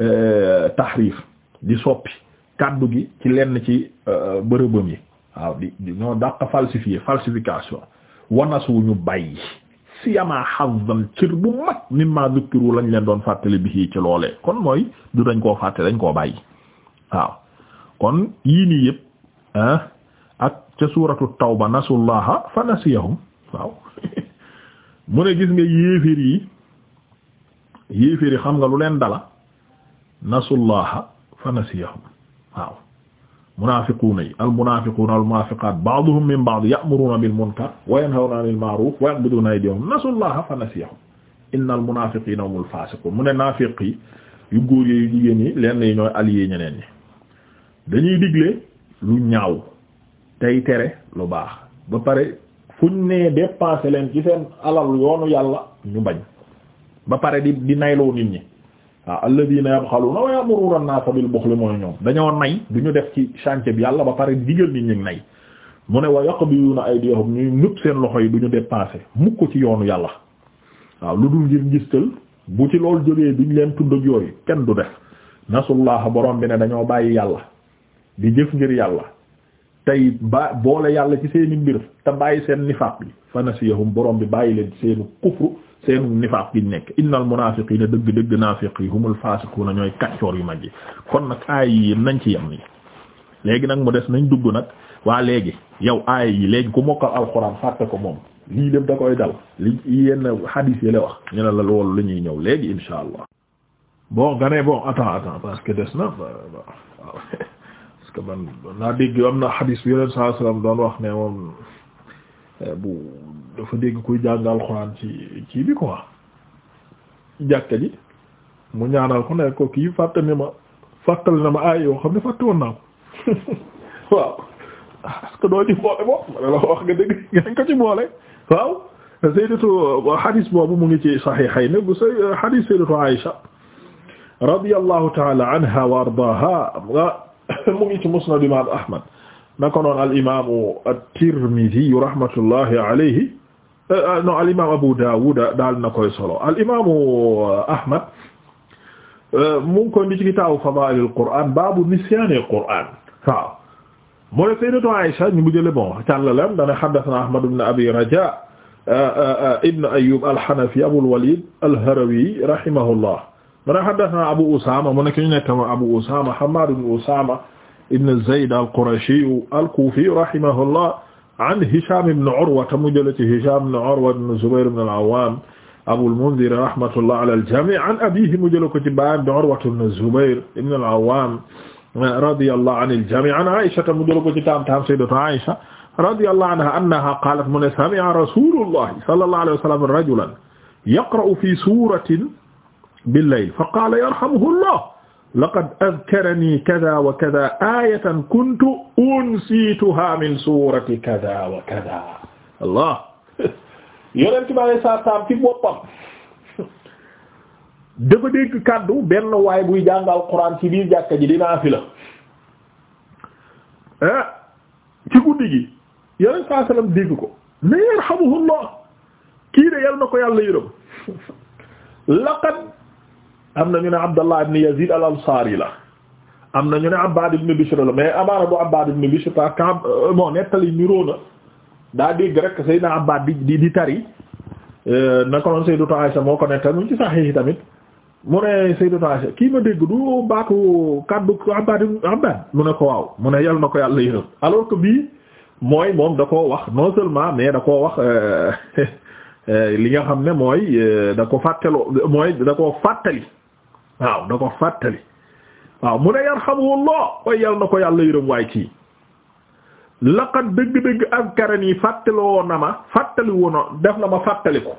euh, tahrif di soppi kaddu gi ci lenn ci bërëbam yi waaw di di ñoo dàq falsifié falsification wanasu ñu bàyyi siyamaa xazan cër bu mag mimma lañ leen doon fàttali bi ci loolee kon mooy du dañ koo fàtte dañ koo bàyyi waaw kon yii nii yëpp ah ak ca suuratu tawba nasullaha fa nasiyahum mu ne gis nga yéeféer yi yéeféer xam nga lu leen dala nasullaha fa nasiyahum waaw munaafiquuna yi almunaafiquuna walmunaafiqaat ba'duhum min ba'd ya'muruuna bil munkar wa yanhawna 'anil ma'ruuf wa yaqbiduuna aydiyahum nasullaha fa nasiyahum innal munaafiqiina humul faasiquun mu ne naafiq yu góor yi yu jigéen yi ñooy allié ñeneen ñi dañuy digle lu ñaaw tey tere lu baax ba pare fuñ nee dépensé leen ci seen alal yoonu yàlla ñu bañ ba pare di di nayloo nit ñi waaw ah, alladina yabxaluna wa ya'muruna naa nasa bil buxli mooy ñoom dañoo nay du ñu def ci chantier bi yàlla ba pare digal nit ñi nay mu ne wa ay aydiyahum ñuy nëb seen loxo yi du ñu dépensé mukk ci yoonu yàlla waaw lu dul ngir ngistal bu ci loolu jógee duñ leen tudd ak yooyu kenn du def nasullaha borom bi ne dañoo bàyyi yàlla di jëf ngir yàlla tey ba boole yàlla ci seeni mbir te bàyyi seen nifaaq bi fanasiyahum borom bi bàyyi leen seenu kufru seenu nifaaq gi nekk innal munaafiqiina dëgg dëgg naafiq yi humul faasiquuna ñooy kaccoor yu mag yi kon nag aay yi nañ ci yem yi léegi nag mu des nañ dugg nag waa léegi yow aay yi léegi ku mokkal alxuraan fàtte ko moom lii lépp da koy dal li yenn hadith yi la wax ñu ne la loolu la ñuy ñëw léegi insha allah boo nga ne bon parce que man naa dégg am na xadis bi yoneen saa sallam doon wax ne moom eh, bu dafa dégg ko jàngal Alxuraan ci ci bi ko jàkka ji mu ñaanal ko ne ko kii ne ma fàttali na ma ay yoo xam ne fàtte woon naa ko waaw parce bo xadis boobu mu ngi ci Saxiixayni bu say xadis sayyidatu Aysa ta'ala anha wa ardaaha mu ngi ci musnad imam ahmad nako noon al imamu at-Tirmidhi rahmatullahi alayhi eh, ah, no al imam Abu Dawud daal na koy solo al imamu ahmad eh, mu ngi koy ndi ci kitaabu fadaa'il al-Qur'an baabu nisyaani al-Qur'an waaw mu ne sayyidatu Aisha ñu mu jële bon càllalam dana haddathana Ahmad ibn Abi Raja eh, ibn Ayyub al-Hanafi Abul Walid al-Harawi rahimahullah mu ne haddathana Abu Usama mu ne ki ñu nekk ma Abu Usama Hammad ibn Usama ibn Zayd al-Qurashi al-Kufi rahimahullah an Hisham ibn Urwa mu jële ci Hisham ibn Urwa ibn Zubayr ibn al-Awwam Abul Mundhir rahmatullah ala al-jami' an abihi mu jële ko ci baayam di Urwa ibn Zubayr ibn al-Awwam radiyallahu an al-jami' an Aisha mu jële ko ci taam-taam sayyidatu Aisha radiyallahu anha annaha qalat mu ne sami'a rasulullah sallallahu alayhi wa sallam rajulan yaqra'u fi suratin billayl fa qaala yarhamuhu llah laqad adkarani kada wa kada ayatan kuntu unsituha min surati kada wa kada allah yonent bi alei saatu salaam ci boppam dafa dégg kàddu benn waay buy jàng alquran ci biir jàkka ji dinaa fi la ah eh, ci guddi gi yonent saai sallam dégg ko ne yarhamuhu llah kii de yal na ko yàlla yërëm laqad am na ñu ne Abdallah ibn Yazid al-Ansari la am na ñu ne Abbad ibn la mais amaana bu Abbad ibn Bishr parce que euh, moo nettali niroo na daa dégg rek Seydina Abbad di di tari euh, naka noonu Sayyidatu Aisha moo ko nettal mu ci Sahih tamit mu ne kii ma dégg du baatu kaddu Abbad Abbad mu ne ko waaw mu ne yàlla na ko yàlla yërëm alors que bii mooy moom da koo wax non seulement mais da koo wax euh, li nga xam ne mooy da ko fàttaloo mooy koo fàttali. waaw da ko fàttali waaw mu ne yarhamuhullah way yal na ko yàlla yërëm waay kii laqad dëgg-dëgg azkarani woon na ma fàttali woona def na ma fàttali ko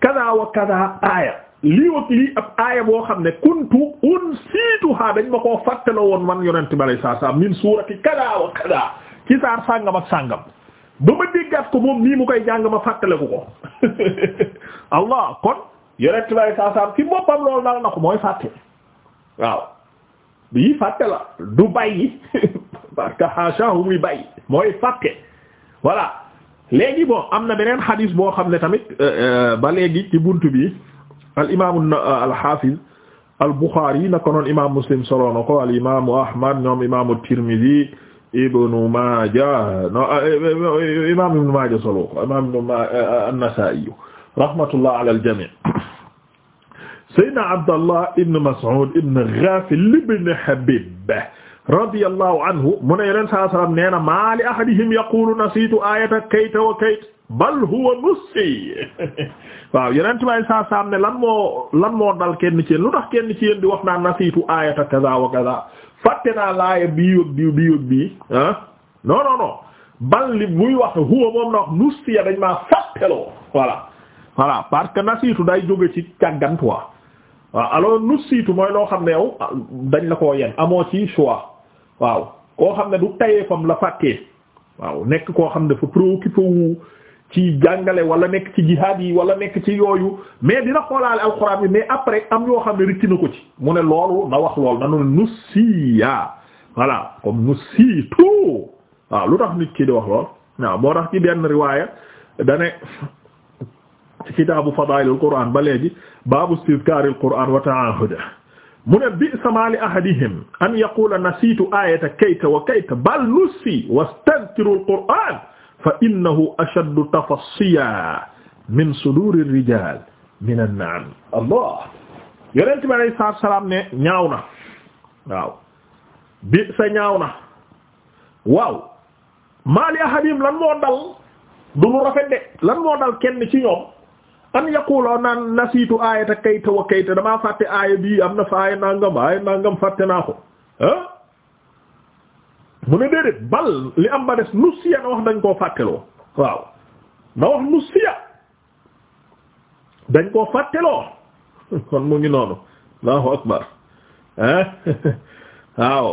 kada wa kada aaya lii ak lii ab aaya boo xam ne kuntu unsituha dañ ma koo fàttala woon man yonent bi alay saa salaam min suurati kada wa kada ci sàngam ak sàngam ba ma déggaat ko moom nii mu koy jàng ma fàttaliku ko allah kon yonent bay saa saam ci boppam loolu dal na ko mooy fàtte waaw bii fàtte la mooy fàtte voilà léegi bon am na beneen xadiis boo xam ne tamit euh, euh, ba léegi ci bunt bi al imaamu euh, al xaafiz al buxaari naka noonu muslim solo na ko al imaamu ahmad ñoom imaamu tirmidi ibnu maaja no imaam ibnu maaja solo ko imaam an-nasaa'i rahmatullah ala al jamii Seydina Abdallah ibn Mas'ud ibn Ghafil ibn Habib radiyallahu anhu mu ne yeneen saa salaam nee na maa li ahadihim yaqulu nasiitu aayata kayta wa kayt bal huwa nusi waaw yeneen tubaab yi saa salaam ne lan moo lan moo dal kenn ci yéen lu tax kenn ci yéen di wax naa nasiitu aayata kaza wa kaza fàtte naa laaya bii yóg bii bii yóg bii ah non non non bal li muy wax huwa moom na wax nusiya dañ maa fàtteloo voilà voilà parce que nasiitu day jóge ci càggantuwa waaw alors nu siitu mooy loo xam ne yow ah, dañ la koo yen amoo ci choix waaw koo xam ne du tayeefam la fàttee waaw nekk koo xam ne dafa préoccupé wu ci jàngale wala nekk ci jihaad yi wala nekk ci yooyu mais dina xoolaale alxuraan bi mais après am yoo xam ne rëcc na ko ci mu ne loolu na wax loolu danu ne nusiya voilà comme nusiitu waaw lu tax nit ki di wax lool waaw moo tax ci benn riwaaya dane ci kitaabu fadaa'ilil qur'aan ba léegi baabu istizkaaril qur'aan wa ta'aahudihi mu ne bi'sa maa li ahadihim an yaqula nasiitu aayata kayta wa kayta bal nusi wastadkirul qur'aan fa innahu ashaddu tafassiyan min suduurir rijaal minan na'am allah yonent bi alayhi salaatu salaam ne ñaaw na waaw bi'sa ñaaw na waaw maa li ahadihim lan moo dal du lu rafet de lan moo dal kenn ci ñoom an yaquloo naan nasiitu aayata kayta wa kayta damaa fàtte aaya bii am na fa aaya nangam aaya nangam fàtte naa ko mu ne déedéet bal li am ba des nusiya na wax dañ koo fàtteloo waaw na wax nusiya dañ koo fàtteloo kon mu ngi noonu allahu akbar ah waaw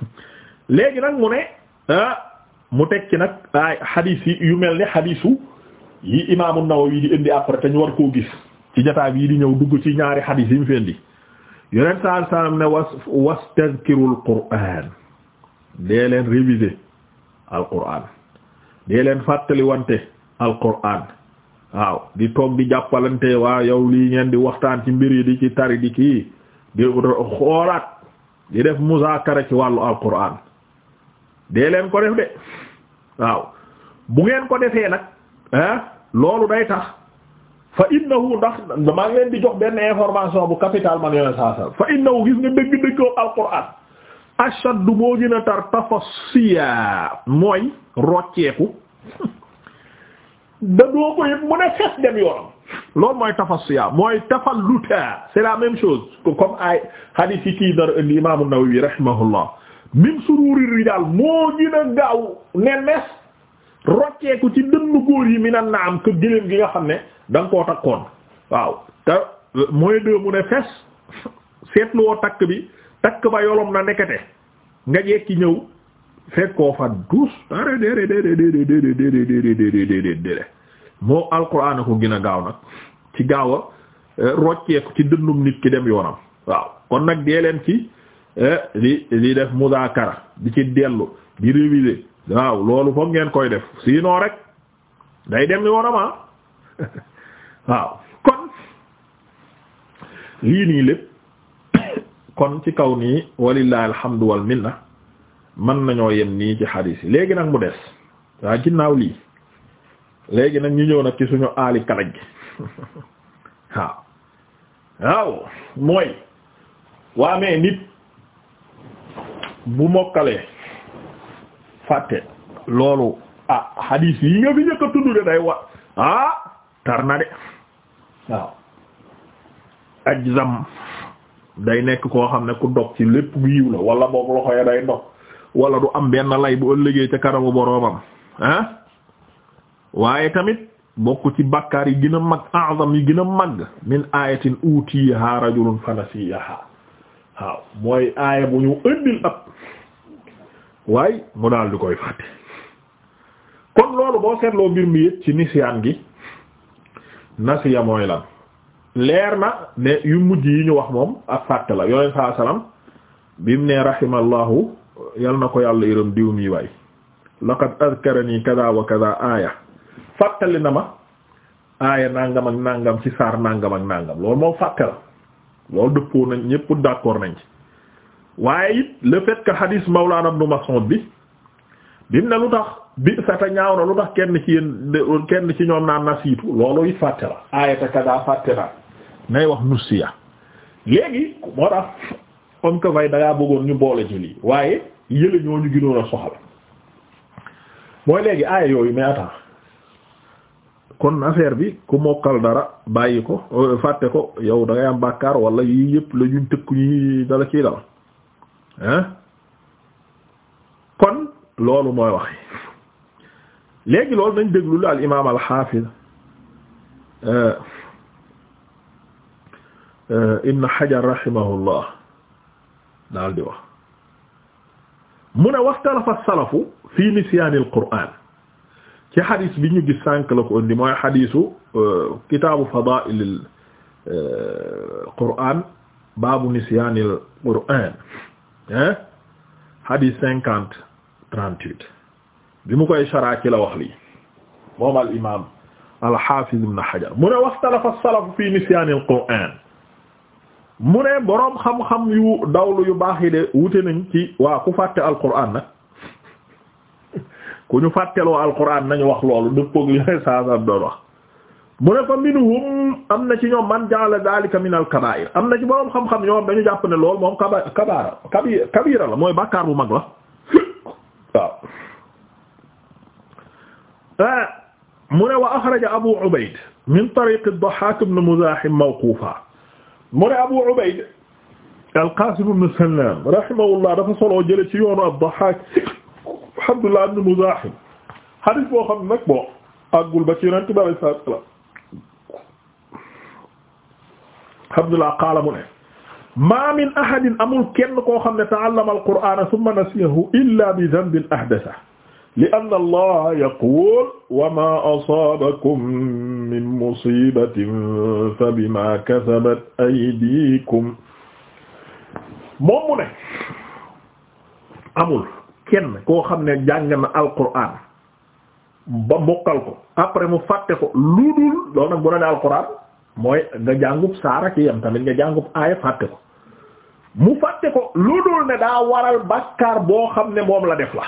léegi nag mu ne ah mu teg ci nag ay xadiis yi yu mel ni xadiisu yi imaamu Nawawi di indi après te ñu war koo gis ci jotaay yi di ñëw dugg ci ñaari xadiis yi mu fendi yonent saa saam ne was wastazkirul qur'aan dee leen réviser al qur'aan dee leen fàttali wante al qur'aan waaw di toog di jàppalante waaw yow ngeen di waxtaan ci mbir yi di ci tari di kii di xoolaat di def muzaakara ci wàllu al qur'aan dee leen ko def de waaw bu ngeen ko defee nag ah loolu day tax fa innahu ndax maa ngi leen di jox benn information bu capital man yoneen saa sal fa innahu gis nga dëgg mooy rocceeku da doo ko yëpp mu ne xes dem yoonam loolu mooy tafassiya mooy tafalluta c'est la même chose comme ay hadith yi kii nar indi imaamu Nawawi min sururi rijal moo gën a ne mes rocceeku ci dënn góor yi mi nan na am que gëléem gi nga xam ne da nga koo takkoon waaw te mooy deux mu ne fes seetluwoo takk bi takk ba yolom na nekkete nga jekki ñëw fekk koo fa duus dara déedéet déedéet déedéet déedéet déedéet déedéet déedéet moo alquran ko gën a gaaw nag ci gaaw a rocceeku ci dënnum nit ki dem yoonam waaw kon nag dee leen ci li li def mudaakara di ci dellu di réviser waaw loolu foog ngeen koy def sinon rek day dem ni warama ah. waaw kon lii nii lépp kon ci kaw nii walillahi alhamdu wal mën nañoo yem nii ci xadiis yi léegi nag mu des waa ginnaaw lii léegi nag ñu ñëw nag ci suñu aali kalaj gi waaw waaw mooy waa nit bu mokkalee fàtte loolu ah hadith yi nga fi njëkk a de day wa ah tar na de waaw ajzam day nekk koo xam ne ku dog ci lépp bu yiw la wala boog loxo ya day dog wala du am benn lay bu ëllëgee ca kanamu boroomam ah waaye tamit bokk ci bàkkaar yi gën a mag azam yi gën mag min ayatin utiha rajulun fanasiyaha waaw mooy aaya bu ñu ëndil ab waaye mu daal di koy fàtte kon loolu boo seetloo mbir mi yëpp ci nisyaan gi nasiya mooy lan leer na ne yu mujj yi ñu wax moom ak fàtte la yoneen saa salaam bim ne rahimallahu yal na ko yàlla yërëm diw mi waay laqad adkarani kada wa kada aaya fàttali na ma aaya nangam ak nangam ci saar nàngam ak nangam loolu moom fàtte la loolu dëppoo nañ ñëpp d'accord nañ ci waaye it le fait que hadis Mawlana Ibn Mas'ud bi bim ne lu tax bi sata ñaaw na lu tax kenn ci yéen kenn ci ñoom naan na loolu it fàtte la ayata kada fàtte la nay wax nusiya léegi moo tax comme que fay dangaa bëggoon ñu boole ci lii waaye yële ñoo ñu gënoon a soxal mooy léegi aaya yooyu mais attends kon affaire bi ku mokkal dara bàyyi ko euh, fàtte ko yow da am bàkkaar wala yii yëpp la ñuy tëkku ñi dala ciy dal ah kon loolu mooy wax léegi loolu nañ déglu lu al imaam al xaafid euh, euh, ibn Hajar rahimahullah daal di wax mu ne waxtalafa salafu fii nisyaanil qur'aan ci xadis bi ñu gis sànq la ko indi mooy xadisu euh, kitaabu fadaa'ilil qur'aan baabu nisyaanil qur'aan hein hadith cinquante trente huit bi mu koy shara ci la wax lii moom al imaam al hafiz ibn hajar mu ne waxtalafa salaf fi nisyaan al qur'aan mu ne boroom xam-xam yu dawlu yu baax yi de wute nañ ci waa ku fàtte al qur'aan nag ku ñu fàtteloo al qur'aan nañu wax loolu dëppook li ngay saa saa wax mu ne fa minhum am na ci ñoom man jaala daalika min al kabaa'ir am na ci boroom xam-xam ñoom dañu jàpp ne lool moom kaba kabaara kabi kabira la mooy bàkkaar bu mag la waaw ah, mu ne wa axraja Abu Ubayd min tariq ad-Dahhaak ibn Muzaahim mawquufa mu ne Abu Ubayd al-Qaasim ibn Sallaam rahimahullah dafa soloo jële ci yoonu ad-Dahhaak Abdullah ibn Muzaahim hadiis boo xam nag boo àggul ba ci Yonent bi sallallahu alayhi wa sallam Abdullah qaala mu ne ma min ahadin amul kenn koo xam ne ta'allama al-Qur'ana thumma nasiyahu illa bi dhanbin ahdatha li anna Allah yaqul wa ma asabakum min musibatin fa bima kasabat aydikum moom mu ne amul kenn koo xam ne jàng na alquran ba mokkal ko après mu fàtte ko lu dul loolu nag bu na ne alquran mooy nga jàngub saara ci yam tamit nga jàngub aaya fàtte ko mu fàtte ko lu dul ne daa waral bàkkaar boo xam ne moom la def la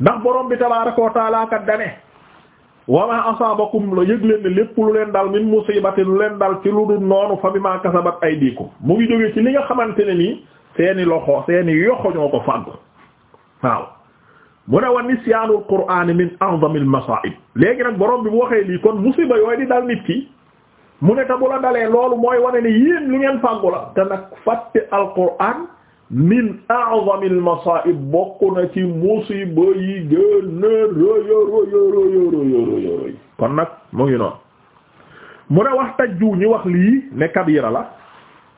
ndax boroom bi tabaaraka wa taala dane wa ma asaabakum la yëg leen lépp lu leen dal min musibatin lu leen dal ci lu dul noonu fa bi ma kasabat aydikum mu ngi jógee ci li nga xamante ne nii seeni loxo seeni yoxo ñoo ko fàggu waaw mu ne wa nisyaanul qur'aan min a'zamil masaa'ib léegi nag borom bi bu waxee lii kon musiba nit ki mu ne te bu dalee loolu mooy wane ne yéen lu ngeen fàggu la te nag fàtte alquran min a'zami al-masa'ib bokk na ci musiba yi gën a rëy kon nag mu ngi noonu mu ne wax taj wax lii ne kabira la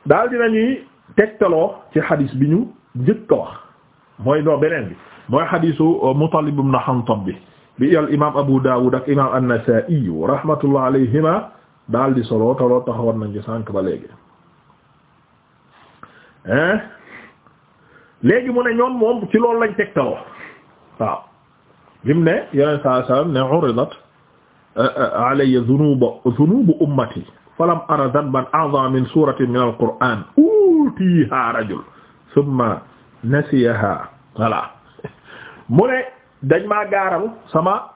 daal dinañuy tegtaloo ci xadis bi ñu jëkk a wax mooy noo beneen bi mooy xadisu euh, Mutalib ibn Hantab bi bi al imam Abu Dawud ak imam an-Nasa'i rahmatullah alayhima daal di solo taloo taxawoon nañ ci sànq ba léegi hein léegi mu ne ñoom moom ci loolu lañ tegtaloo waaw limu ne yeneen saa sallam ne uridat eh, eh, alayya dhunubu dhunubu ummati falam ara dhanban a'zama min suratin min al-qur'an utiha rajul thumma nasiyaha voilà mu ne dañ maa gaaral sama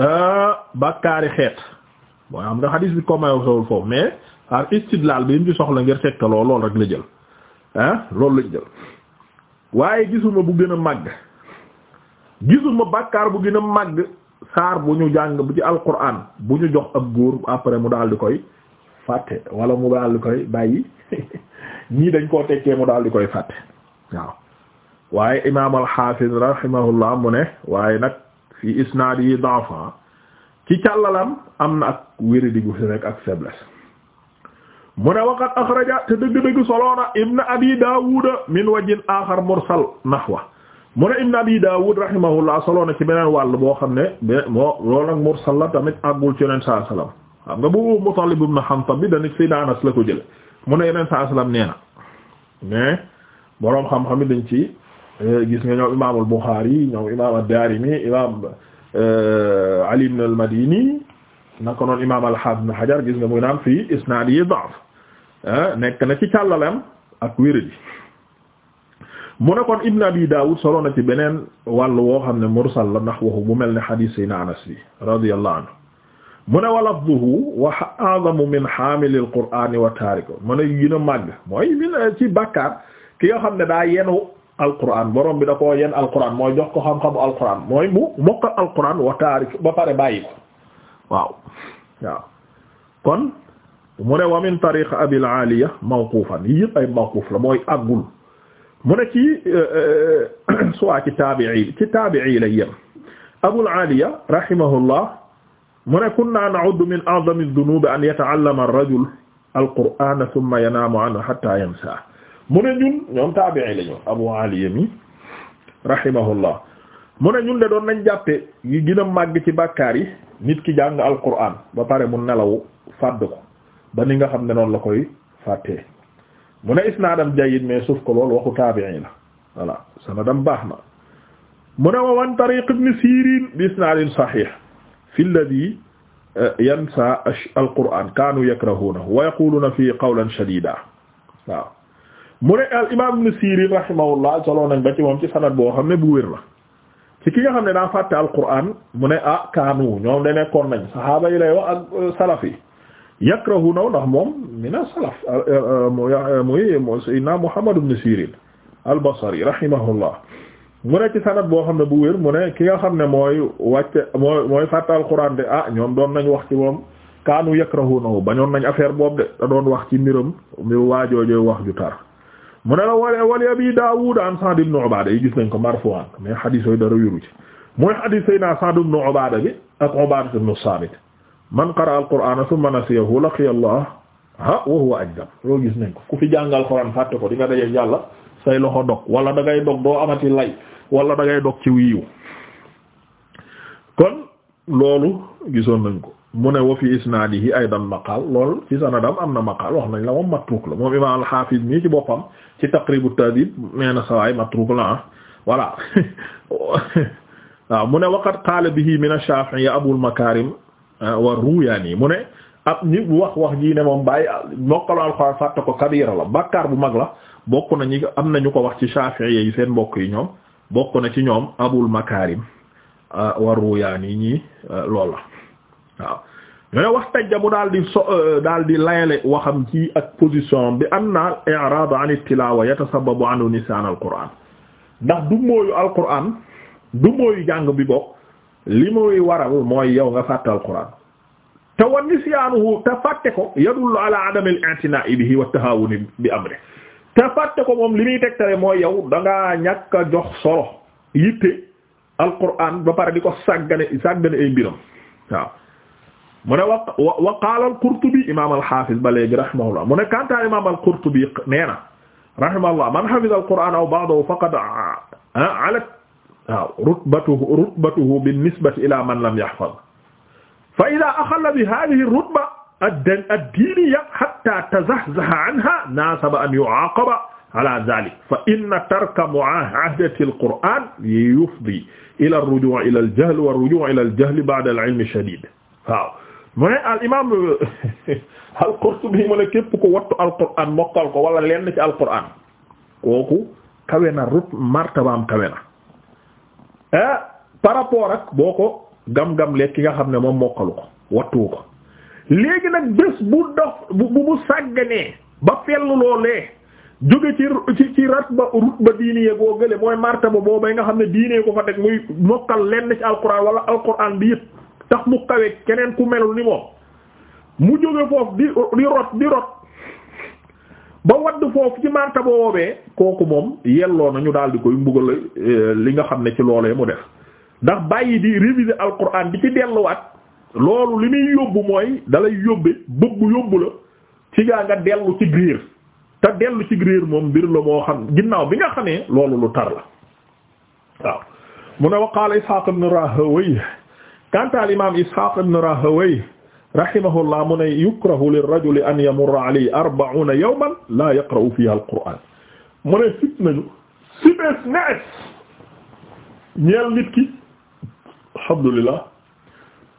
eh, bàkkaari xeet mooy am nga xadis bi commencéwul foofu mais ar istidlaal bi mu ci soxla ngir tegtaloo loolu rek la jël ah loolu lañ jël waaye gisuma bu gën a màgg gisuma bàkkaar bu gën a màgg saar bu ñu jàng bu ci alquran bu ñu jox ab góor après mu daal di koy fàtte wala mu daal koy bàyyi nii dañ koo tekkee mu daal di koy fàtte waaw waaye imaam alxaafis rahimahullah mu ne waaye nag fi isnaad yi dafa ci càllalam am na ak wéradi gu fi nekk ak faiblesse mu ne waqat axraja te dëgg-dëgg soloona ibn abi daawud min wajhin aaxar mursal nahwa mu ne ibn abi daawud rahimahullah soloona ci beneen wàll boo xam ne be moo loolu nag mursal la tamit àggul ci yoneen saa salaam xam nga bu Mutalib ibn Hantab bi dañu ci Anas la ko jële mu ne yoneen la salaam nee na mais boroom xam-xam dañ ci eh, gis nga ñoom imaamul Buxaari ñoom imaam daarimi imaam Ali ibn al-Madini naka noonu imaam al-Hafiz ibn Hajar gis nga muy naan fii isnaad yi da'f ah, nekk na ci càllaleem ak wéradi mu ne kon Ibn Abi Dawud solo na ci beneen wàll woo xam ne mursal la nahwahu bu mel ne hadith sayna Anas bi radiyallahu anhu mu ne wa lafduhu wa a'zamu min haamil al-Qur'aan wa taariku mu ne gën a màgg mooy ci bàkkaar ki nga xam ne daa yenu alquran borom bi da koo yenn alquran mooy jox ko xam-xamu alquran mooy mu mokkal alquran wa taarif ba pare bàyyi ko waaw waaw kon mu ne wa min tariq abil aliya mawqufan yi yëpp ay mawquf la mooy àggul mu ne ci euh, euh, soit ci taabi'i ci taabi'i la yem abul aliya rahimahullah mu ne kunna na'uddu min a'zami ad-dunubi an yata'allama ar-rajul al-qur'ana thumma yanamu anhu hatta yansa mu ne ñun ñoom taabi'i lañu Abu Ali mi rahimahullah mu ne ñun de doon nañ jàppe yi gën a màgg ci bàkkaar yi nit ki jàng alquran ba pare mu nelaw fàdd ko ba ni nga xam ne noon la koy fàttee mu ne isnaadam jayyid mais suuf ko loolu waxu taabi'i la voilà sanadam baax na mu ne wa wan tariq ibn Sirin bi isnaadin sahih fi alladhi eh, yansa alquran kaanu yakrahunahu wa yaquluna fi qawlan shadidan mu ne al imaam ibn Sirin rahimahullah solo nañ ba ci moom ci sanad boo xam ne bu wér la ci ki nga xam ne daa fàtte alquran mu ne ah kaanu ñoom da nekkoon nañ saxaaba yi lay wax ak euh, salaf yi naw ndax moom mina salaf euh, euh, muy muy sayyidina Muhammad ibn Sirin al-Basri rahimahullah mu ne ci sanad boo xam ne bu wér mu ne ki nga xam ne mooy wàcce mooy mooy fàtte alquran de ah ñoom doon nañ wax ci moom kaanu ba ñoon nañ affaire boobu de da doon wax ci mbiram mi waajoojoy wax ju tar mu ne la wala wali abi Daawuud an Sa'd ibn Ubaada yi gis nañ ko marfu'an mais xadis yooyu dara wéru ci mooy xadis Seydina Sa'd ibn Ubaada bi ak Ubaada ibn Saamit man qara'a al-Qur'aana thumma nasiyahu laqiya Allaha wa huwa ajdam loolu gis nañ ko ku fi jàngal Alxuraan fàtte ko di nga daje yàlla say loxo dog wala da ngay dog doo amati lay wala da ngay dog ci wiiw kon loolu gisoon nañ ko mu ne wa fi isnaadihi aydan maqaal lool ci sanadam am na maqaal wax nañ la moom matruuk la moom imaam al-Haafiz mii ci boppam ci Taqriibu Tahziib nee na sawaay matruuk la ah voilà waaw mu ne waqad qaala bihi min ash-Shaafi'i Abul Makaarim ah, wa Ruyaani mu ne ab ñi wax wax ji ne moom bàyyi mokkalu alxuraan fàtte ko kabiira la bàkkaar bu mag la bokk na ñi am nañu ko wax ci Shaafi'i yi seen mbokk yi ñoom bokk na ci ñoom Abul Makaarim ah, wa Ruyaani ñii ah, lool la waaw ñoo ne wax daal di so euh, daal di layale waxam ci ak position bi anna i'rad an at-tilawa yatasababu anhu nisaan al-qur'an ndax du mooyu al-qur'an du mooyu jàng bi bokk li mooy waral mooy yow nga fàtte al-qur'an te wa nisyanuhu te fàtte ko yadullu ala adam al-i'tina'i bihi wa at-tahawun bi amri te fàtte ko moom li muy tegtale mooy yow da ngaa ñàkk a jox solo yitte alquran ba pare di ko sàggane sàggane ay mbiram mu ne wa wa qaala al-Qurtubi imaam al-Haafiz ba léegi rahimahullah mu ne Kantar imaam al-Qurtubi nee na rahimahullah man hafiza al-Qur'aan aw ba'dahu faqad ah, ah, alat rutbatuhu rutbatuhu bin-nisbati ilaa man lam yahfaz fa izaa axalla bi haadihi ar-rutba ad-diiniyya hattaa tazahzaha anhaa naasaba an yu'aaqaba alaa zaalik fa inna tarka mu'aahadati al-Qur'aan yufdii ilaa ar-rujuu'i ilaa al-jahl wa ar-rujuu'u ilaa al-jahl ba'da al-'ilmi ash-shadiid waaw mu ne al imaam al-Qurtubi mu ne képp ko wattu al-Qur'an mokkal ko wala lenn ci al-Qur'an kooku kawe na rut martabaam kawe na eh par rapport ak boo ko gam-gam lekk ki nga xam ne moom mokkalu ko wattu ko léegi nag bés bu dof bu bu sàgganee ba fell loolee jóge ci ci ci rat ba rut ba diine yee goo gële mooy martaba boobu nga xam ne diine ko fa teg muy mokkal lenn ci al-Qur'an wala al-Qur'an bi yëpp ndax mu kawe keneen ku melul ni moom mu jóge foofu di di rot di rot ba wadd foofu ci martaba woobee kooku moom yelloo na ñu daal di koy mbugal eh, li nga xam ne ci loolee mu def ndax bàyyi di réviser alquran di ci delluwaat loolu li muy yóbbu mooy dalay yóbbe bëgg yóbbu la ci gaa nga dellu ci griir te dellu ci griir moom mbir la moo xam ginnaaw bi nga xamee loolu lu tar la waaw mu ne wa qaala Isxaaq ibn Rahawayh kanta al imam ishaq ibn rahawayh rahimahullah mu ne yukrahu lirajuli an yamurra alayhi arba'una yawman la yaqra'u fiha alquran mu ne sit nañu nees ñeel nit alhamdulillah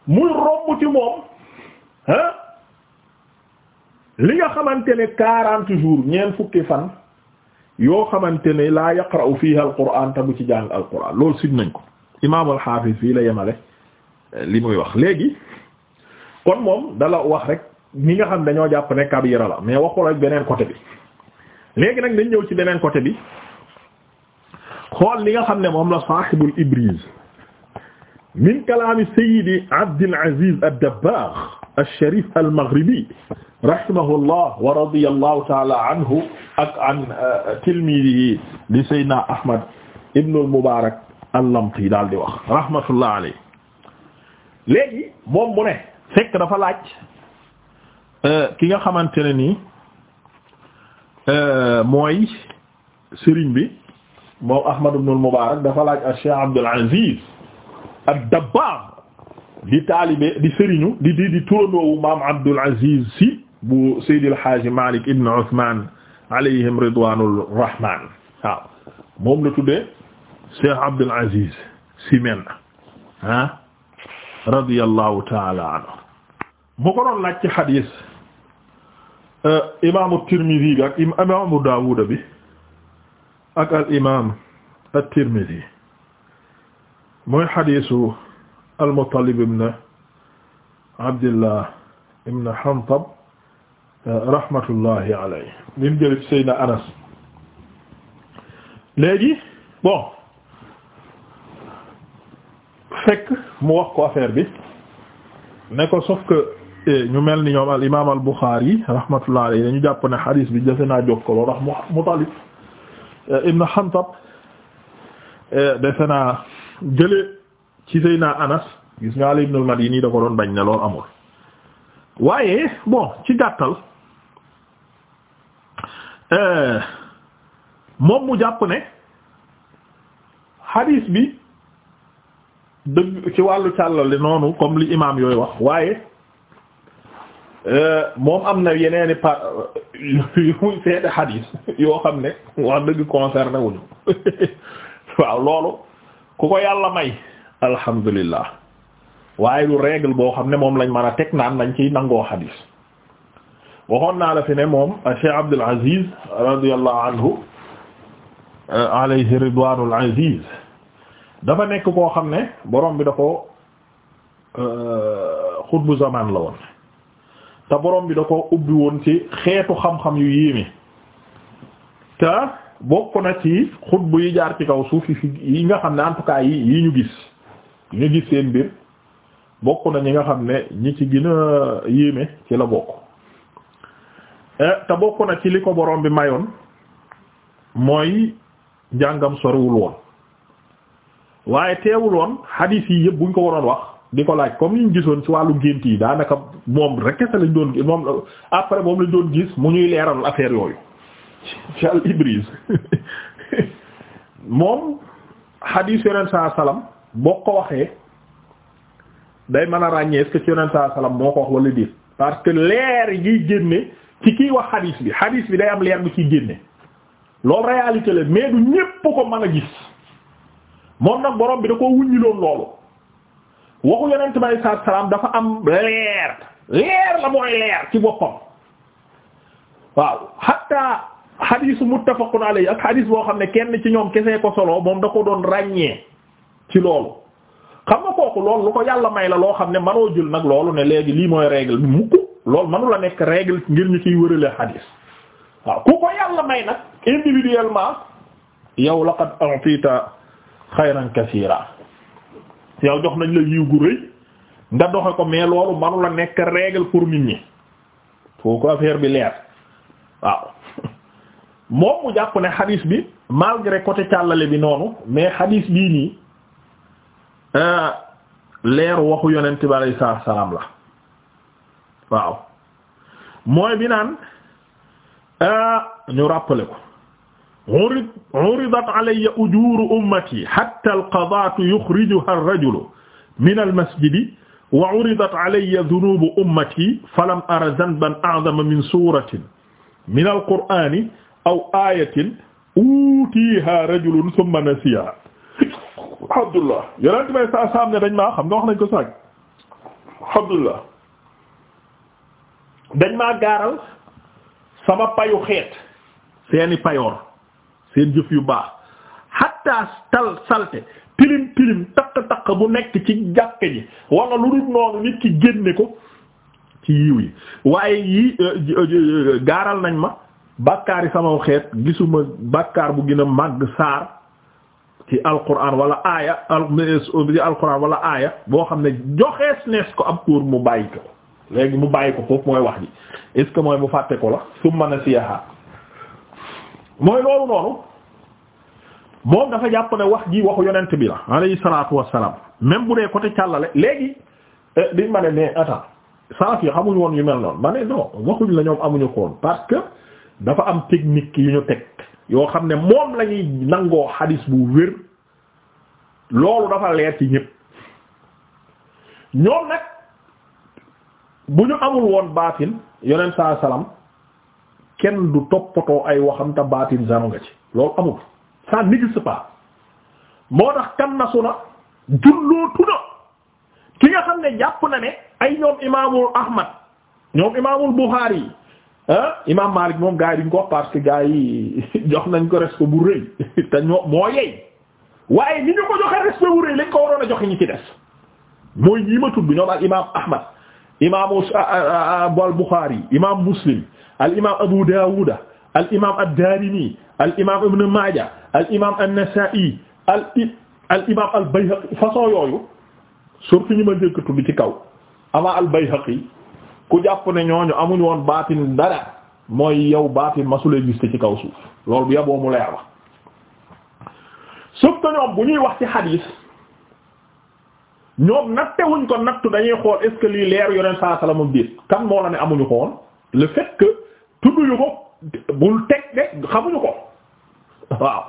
muy romb ci moom ah li nga xamante ne quarante jours ñeent fukki fan yoo xamante ne la yaqra'u fiha alquran te bu ci jàng alquran loolu sit nañ ko imam yemale li muy wax léegi kon moom dala wax rek ñi nga xam dañoo jàpp ne kabira la mais waxul ak beneen côté bi léegi nag dañ ñëw ci beneen côté bi xool li nga xam ne moom la sahibul ibriz min kalaami sayyidi abdul aziz ad-dabbagh ash-sharif al-maghribi rahimahullah wa radiyallahu ta'ala anhu ak an uh, tilmidihi di sayyidina ahmad ibn al-mubarak al daal di wax léegi moom mu ne fekk dafa laaj euh, ki nga xamante ne nii euh, mooy sëriñ bi moom Ahmad ibn al-Mubarak dafa laaj ak Cheikh Abdul Aziz ad di taalibe di sëriñu di di di turandoowu maam Abdul Aziz si bu Seydi El Hadji Malick ibn Ousmane alayhim ridwanur rahman waaw moom la tuddee Cheikh Abdul Aziz si men ah radiyallahu taala anhu mu ko doon laaj ci xadiis euh, imaamu Tirmidi bi ak imaamu Daawuda bi ak al imaam at-Tirmidi mooy xadiisu al-Muttalib ibn Abdillah ibn Hantab euh, rahmatullahi alayhi. lim jël ci Seydina Anas léegi bon. fekk mu wax ko affaire bi ne ko sauf que eh, ñu mel ni ñoom al imaam al Bukhari rahmatullah alayhi dañu jàpp ne xadiis bi jafe naa jokk loolu ndax Mutalib eh, ibn Hantab eh, defe naa jële ci Seyna Anas gis nga Ali ibn al Madini da ko doon bañ ne loolu amul waaye bon ci gàttal moom mu jàpp ne xadiis bi dëgg ci wàllu càllale noonu comme li imaam yooyu wax waaye euh, moom am na yeneeni par euh, yu muy seede yoo xam ne wax dëgg concerné wuñu waaw loolu ku ko yàlla may alhamdulillah waaye lu règle boo xam ne moom lañ mën a teg naan lañ ciy nangoo xadiis waxoon naa la fi ne moom Cheikh Abdul Aziz radiyallahu anhu euh, alayhi aziz dafa nekk koo xam ne borom bi da ko euh, xutbu zamaan la woon te borom bi da ko ubbi woon ci xeetu xam-xam yu yéeme te bokk na ci xutbu yi jaar ci kaw suuf yi nga xam ne en tout yi yi ñu gis ñu gis seen mbir bokk na ñi nga xam ne ñi ci gën yéeme ci la bokk e, te bokk na ci li ko borom bi mayoon mooy njàngam soriwul woon waaye teewul woon hadith yi yëpp buñ ko waroon wax di ko laaj comme niñ gisoon ci wàllu gént yi daanaka moom rek kese lañ doon moom après moom lañ doon gis mu ñuy leeral affaire yooyu ci al Ibriz moom hadith yonent saa salaam boo ko waxee day man a ràññee est-ce que ci yonent moo ko wax wala déet parce que leer yi génne ci kii wax hadith bi hadith bi day am leer bi ci génne loolu réalité la mais du ñépp ko man a gis. moom nag borom bi da koo wuññiloon loolu waxu yonent bi alayhi salaatu salaam dafa am leer leer la mooy leer ci boppam waaw hatta xadiisu muttafaqun alayhi ak xadiis boo xam ne kenn ci ñoom kesee ko solo moom da ko doon ràññee ci loolu xam nga kooku loolu lu ko yàlla may la loo xam ne manoo jël nag loolu ne léegi lii mooy règle bi mukk loolu manu la nekk règle ngir ñu ciy wërale xadiis waaw ku ko yàlla may nag individuellement yow laqad a'tita xayran kasiira yow jox nañ la yiw gu rëy nga doxe ko mais loolu manu nekk règle pour nit ñi foo ko affaire bi leer waaw moom mu jàpp ne xadiis bi malgré côté càllale bi noonu mais xadiis bii nii euh, leer waxu yonent bi alayhi salaatu salaam la waaw mooy bi naan euh, ñu rappelé ko urid uridat alayya ujuuru ummati hatta alqadaatu yuxrijuha arrajulu min almasjidi wa uridat alayya dunuubu ummati falam ara zanban a'zama min suuratin min alqur'aani aw aayatin uutiihaa rajulun summa nasiyahaa Abdullah yonent bay saa saam ne dañ maa xam nga wax nañ ko sax Abdullah dañ maa gaaral sama payu xeet seeni payoor seen jëf yu baax hatta tal salte tilim tilim taq-taq bu nekk ci jàkke ji wala lu dul noonu nit ki génne ko ci yiw yi waaye yi euh, euh, euh, gaaral nañ ma bàkkaar yi sama xeet gisuma bàkkaar bu gën a màgg saar ci alquran wala aaya ci alquran wala aaya boo xam ne joxees nees ko ab pour mu bàyyi ko léegi mu bàyyi ko foofu mooy wax ji est ce que mooy mu fàtte ko la a nasiyaha mooy loolu noonu moom dafa jàpp ne wax ji waxu yonent bi la alayhi salaatu wassalaam même bu dee côté càllale léegi eh, diñ ma ne mais attends salaf yi xamuñ woon yu mel noonu ma ne non waxuñ la ñoom amuñu ko woon parce que dafa am technique yu ñu teg yoo xam ne moom lañuy ñuy nangoo xadis bu wér loolu dafa leer ci ñëpp ñoom nag bu ñu amul woon baatin yonent sa salaam kenn du toppatoo ay waxam te baatin zanu nga ci loolu amul ça n'existe pas moo tax kan na su na na ki nga xam ne jàpp na ne ay ñoom imaamul Ahmad ñoom imaamul Bukhari yi ah imaam Malik moom gars yi duñ parce que gars jox nañ ko respect bu rëy te ñoo moo yey waaye ni ñu ko joxe respect bu rëy lañ ko waroon a joxe ñi ci des mooy ñii ma ñoom ak imaam Ahmad imaamu ah, ah, ah, al Bukhari imaam Muslim al imaam Abu Daawuda al imaam ad-Daarimi al imaam Ibn Maaja al imaam an-Nasaa'i al al yooyu surtout ñu ma njëkk tudd ci kaw ama al-Bayhaqi ku jàpp ne ñooñu amuñu woon baatin dara mooy yow baatin masul existe ci kaw suuf loolu bu yaboo mu leer la surtout ñoom bu ñuy wax ci xadiis ñoom nattewuñ ko nattu dañuy xool est-ce que lii leer yoneen saa salaamam biir moo la ne amuñu ko tudduñu ko bul teg de xamuñu ko waaw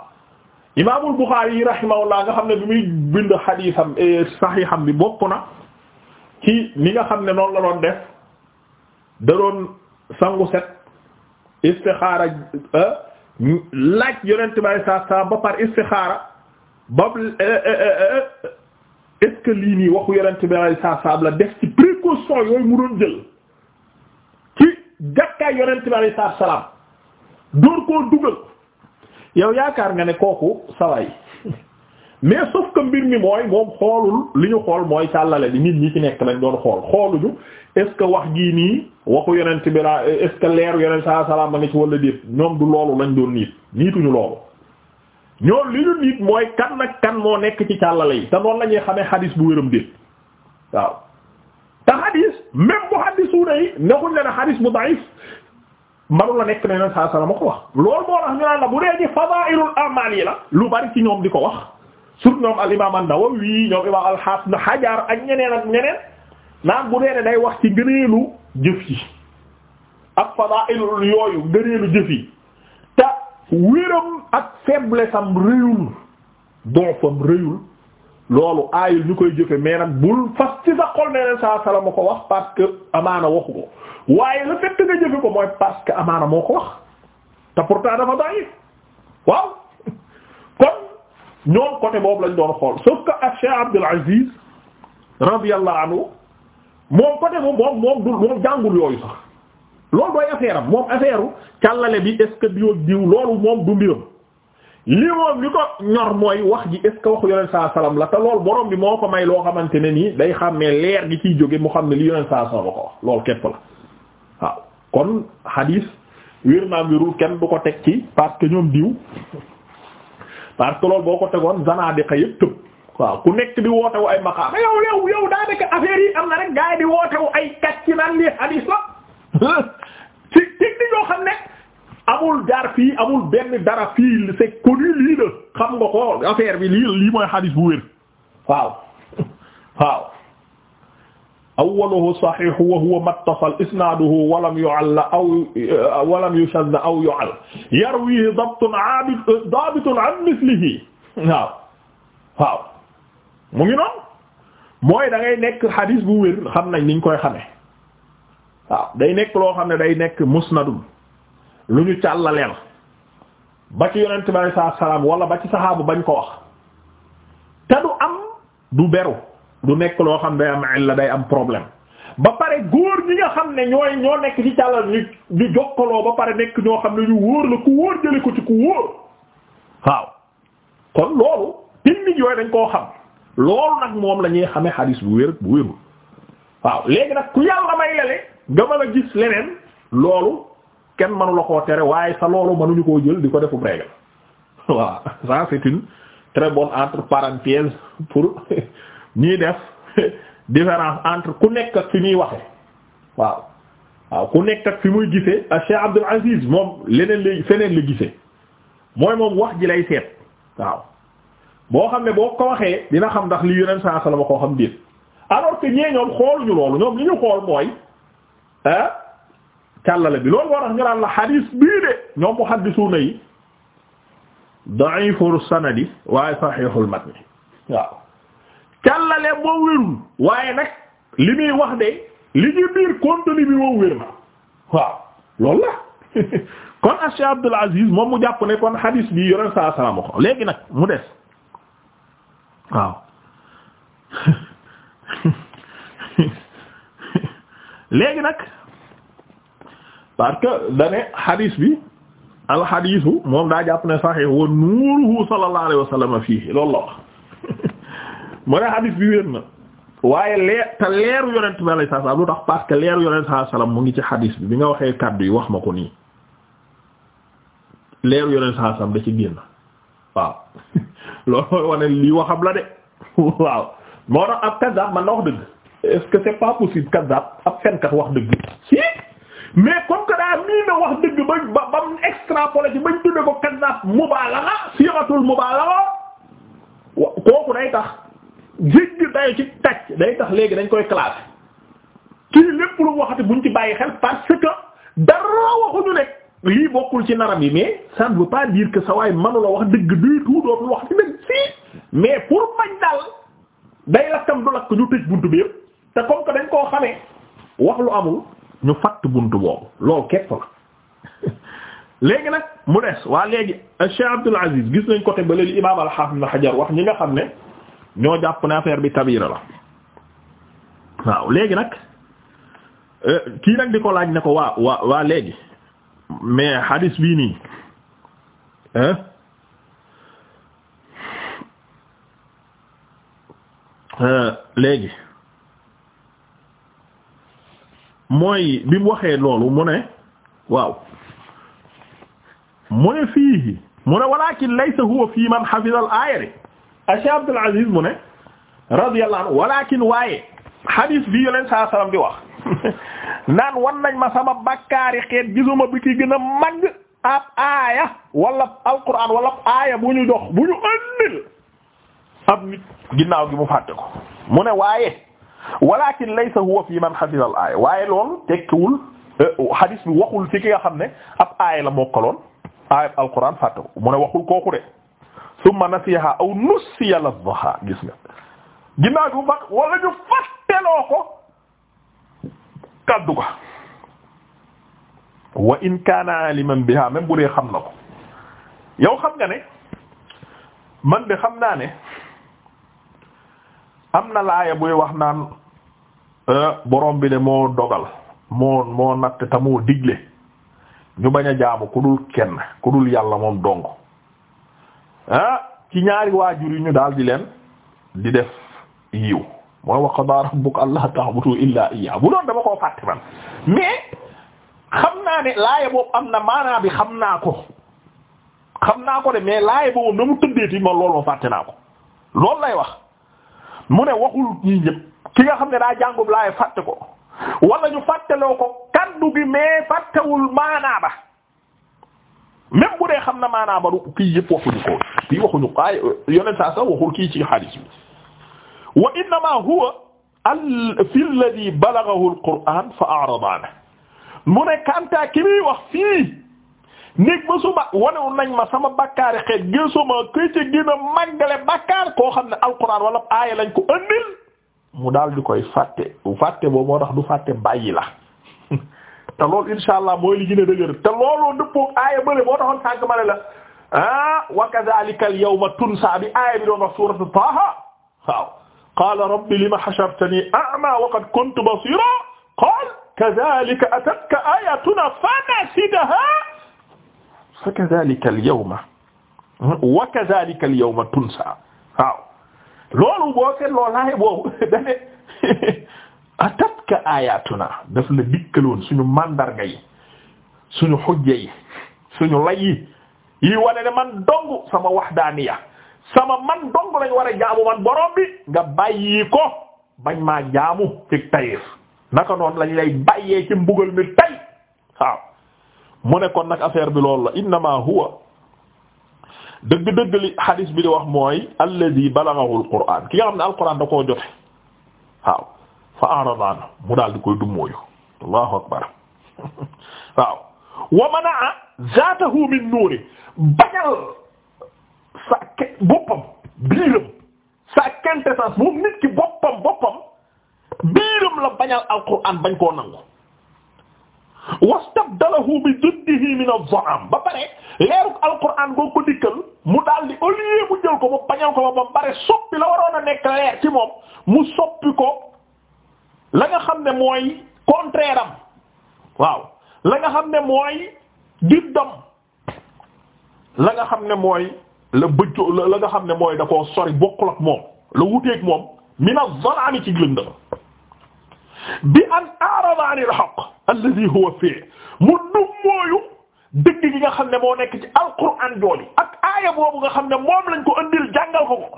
imaamul Buxaari yi rahimahullah nga xam ne bi muy bind xadiisam eh, saxiixam bi bokk na ci ni nga xam ne noonu la doon def da doon sangu set istixaara eh, laaj yonent bi saa saa ba par istixaara ba eh, est lii nii waxu yonent bi saa saa la def ci précaution yooyu mu doon jël jàkkaay yonent bi alayhi salaatu salaam door koo dugal yow yaakaar nga ne kooku saway mais sauf que mbir mi mooy moom xoolul li ñu xool mooy càllale bi nit ñi ci nekk lañ doon xool xooluñu est wax gii nii waxu yonent bi la est ce que leeru yonent saa salaam a nga ci wala déet ñoom du loolu lañ doon niit niituñu loolu ñoo li ñu niit mooy kan nag kan moo nekk ci càllale yi te noonu lañuy ñuy xamee bu wéram déet waaw xadis même bu xadisuuna yi nekuñ le ne xadis bu da'if manu nekk ne leen saa salama ko wax loolu moo tax ñu naan la bu dee ci fadaa'ilul a'maal yi la lu bari ci ñoom di ko wax surtout ñoom al imam an-Nawawi ñoom imam al-Hafiz Ibn ak ñeneen ak ñeneen naan bu dee ne day wax ci ngëneelu jëf yi ak fadaa'ilul yooyu ngëneelu jëf yi te wéram ak faiblesse am réyul doofam réyul loolu aayul ñu koy jëfe mais nag bul fas ci sa xol nee leen saa salama ko wax parce amaana waxu ko waaye le fait nga jëfe ko mooy parce amaana moo ko wax te pourtant dafa bàyyi waaw kon ñoom côté boobu lañ doon xool sauf que ak Cheikh Abdul Aziz radiyallahu anhu moom côté moom moom du moom jàngul yooyu sax loolu dooy affaire am moom affaire u bi est ce que diw diw loolu moom du mbiram lii moom li ko ñor mooy wax ji est ce que waxu yonent saa salaam la te loolu borom bi moo ko may loo xamante ne nii day xàmmee leer gi ciy jóge mu xam ne li yonent saa salaam la ko wax loolu képp la waaw kon hadis wér naam wérul kenn du ko teg ci parce que ñoom diw parce que loolu boo ko tegoon zanadiqa yëpp tëb waaw ku nekk di wootewu ay maqaama yow yow yow daa nekk affaire yi am na rek gaa yi di wootewu ay kàcc naan lii hadis la ci ci di ñoo xam amul jaar fii amul benn dara fii c'est connu lii la xam nga ko affaire bi lii lii mooy xadis bu wér waaw waaw awwaluhu sahih wa huwa muttasal isnaaduhu wa lam yu'all aw wa lam yushadh aw yu'all yarwihi dabtun 'abid daabitun 'an mithlihi waaw waaw mu ngi noonu mooy da ngay nekk xadis bu wér xam nañ niñ koy xamee waaw day nekk loo xam ne day nekk musnadun lu ñu càllaleel ba ci yonent bi alei salaatu salaam ba ci saxaabu bañ ko wax te du am du beru du nekk loo xam day am illa day am problème ba pare góor ñi nga xam ne ñooy ñoo nekk di càllal ñu ñu jokkaloo ba pare nekk ñoo xam ne ñu wóor la ku wóor jële ko ci ku wóor waaw kon loolu technique yooyu dañ koo xam loolu nag moom la ñuy xamee xadis bu wér bu wérul waaw léegi nag ku yàlla may lele nga mën a gis leneen loolu kenn mënu la koo tere waaye sa loolu mënuñu koo jël di ko defu règle voilà ça c'est une très bonne entre parenthèses pour ñiy def différence entre ku nekk ak fi muy waxe waaw waaw ku nekk ak fi muy gisee a ah, Cheikh Abdul Aziz moom leneen lay feneen la gisee mooy moom wax ji lay seet waaw boo xam ne boo ko waxee dina xam ndax li yeneen saa la ma koo xam déet alors que ñee ñoom xooluñu loolu ñoom li ñu xool mooy càllale bi loolu moo tax ñu la xadiis bii de ñoom muhaddisuuna yi da'iful sanadi waaye sahihul matni waaw moo wérul waaye nag li muy wax de li ñu biir bi moo wér na la kon Cheikh Abdul Aziz mu jàpp ne kon xadiis bi yore sa salaama ko léegi nag mu des waaw léegi parce que dane hadis bi al hadisu moom daa jàpp ne sahih wa nuuruhu sallallahu alayhi wa fii loolu la wax mu ne hadis bi wér na waaye leer te leeru yonent bi alayhi salaam lu tax parce que leeru yonent sallallahu alayhi mu ngi ci hadis bi bi nga waxee kaddu yi wax ma ko nii leeru yonent sallallahu alayhi da ci génn waaw loolu mooy wane lii waxam la de waaw moo tax ab kazzab man na wax dëgg est-ce que c'est pas possible kazzab ab fenkat wax dëgg mais comme que daa mii na wax dëgg ba ba ba mu extrapolé ci bañ tudde ko kaddaaf mubaalaxa siixatul mubaalaxa kooku day tax jégg dayo ci tàcc day tax léegi dañ koy classé kii lépp lu waxati buñ ci bàyyi xel parce que dara waxuñu nekk lii bokkul ci naram yi mais ça ne veut pas dire que sa waay manula wax dëgg du tout wax ci dëgg si mais pour mañ daal day lakkam du lakk ñu tëj buntu bi te comme que dañ koo xamee wax lu amul ñu fatt buntu boobu loo képp la léegi nag mu des waa léegi Cheikh Abdul Aziz gis nañ côté ba léegi imaam al-Hafiz Ibn Hajar wax ñi nga xam ne ñoo jàpp naa affaire bi kabira la waaw léegi nag euh, kii nag di ko laaj ne ko waa waa waa léegi mais hadis bii nii hein euh, léegi mooy bi mu waxee loolu mu ne waaw mu ne fii mu ne walakin laysa huwa fii man hafiza al aaya de ah, Cheikh mu ne radiyallahu anhu walakin waaye hadis bi yoleen saa sallam di wax naan wan nañ ma sama bakkaari xeet gisuma bi ki gën a mag ab aaya wala alquran wala ab aaya bu ñu dox bu ñu andil ab nit ginnaaw gi mu fàtte ko mu ne waaye walakin laysa huwa fi man hafiza al aaya waaye loolu tekkiwul eh, hadis bi waxul ci ki nga xam ne ab aaya la mokkaloon aaya alquran fàtte ko mu ne waxul kooku de summa nasiha aw nusiya lafdaha gis nga ginnaaw bi mu fàtt wala ñu fàtteloo ko kaddu ko wa in kaana aliman biha même bu dee xam na ko yow xam nga ne man de xam naa ne am na laaye buy wax naan euh, borom bi de moo dogal moo moo natt te moo digle ñu bañ a jaamu ku dul kenn ku dul yàlla moom dong ah ci ñaari waajur yi ñu daal di leen di def yiw mooy wa qadaa rabbuka allaa ta'budu illaa iyyaa bu doon dama koo fàtte man mais xam naa ne laaya am na maanaa bi xam naa ko xam naa ko de mais laaya boobu na mu tëddeeti ma loolu ma fàtte naa ko loolu lay wax mu ne waxul ñii ñëpp ki nga xam ne daa jàngub laay fàtte ko wala ñu fàtteloo ko kaddu gi mais fàttewul maanaa ba même bu dee xam na maanaa ba du kii yëpp waxuñu ko kii waxuñu ko ay yonent saa sax waxul kii ci xadiis bi wa innama huwa fi alladhi balaghahu alquran fa a'rada anhu mu ne kanta ki muy wax fii néeg ba suba wanewul nañ ma sama bakkaari xeet gisuma këy ci gën a màggale bakkaar koo xam ne alquran wala aaya lañ ko andil mu daal di koy fàtte fàtte boobu moo tax du fàtte bàyyi la te loolu insha allah mooy li gën a dëgër te looloo dëppoo aaya bële moo taxoon sànq ma ne la ah wa kadhalika al yawma tunsa bi aaya bi doon wax suratu taaha waaw qaala rabbi lima hashartani a'ma wa qad kuntu basira qaala kadhalika atatka ayatuna fanasidaha fa kadhalika al yawma wa kadhalika al yawma tunsa waaw loolu boo seet loolu laay boobu atatka ayatuna daf la dikkaloon suñu mandarga yi suñu xujja yi suñu lay yi yi wane ne man dong sama waxdaaniya sama man dong lañ war a jaamu man borom nga bàyyi ko bañ maa jaamu ci naka noonu lañ lay bàyyee ci mbugal mu nekkoon nag affaire bi loolu la innama huwa dëgg-dëgg li hadis bi di wax mooy alladhi balaghahu alquran ki nga xam ne alquran da koo jote waaw fa a'rada mu daal di koy dummóoyu allahu akbar waaw wa manaa zaatahu min nuuri bañal sa boppam biiram sa quintessence moom nit boppam boppam biiram la bañal alquran bañ koo nangu wastabdalahu bi juddihi min az-za'am ba pare leeruk alquran boo ko dikkal mu daal di au lieu mu jël ko mu bañal ko ba pare soppi la waroon a nekk leer ci moom mu soppi ko la nga xam ne mooy contraire waaw la nga xam ne mooy diddam la nga xam ne mooy la bëjjo la nga xam ne mooy da koo sori bokkul ak moom la wuteeg moom min az-zalami ci lëndëm bi an a'rada anil haqq alladhi huwa fi mu dum mooyu dëgg gi nga xam ne moo nekk ci alquran jooju ak aaya boobu nga xam ne moom lañ ko andil jàngal ko ko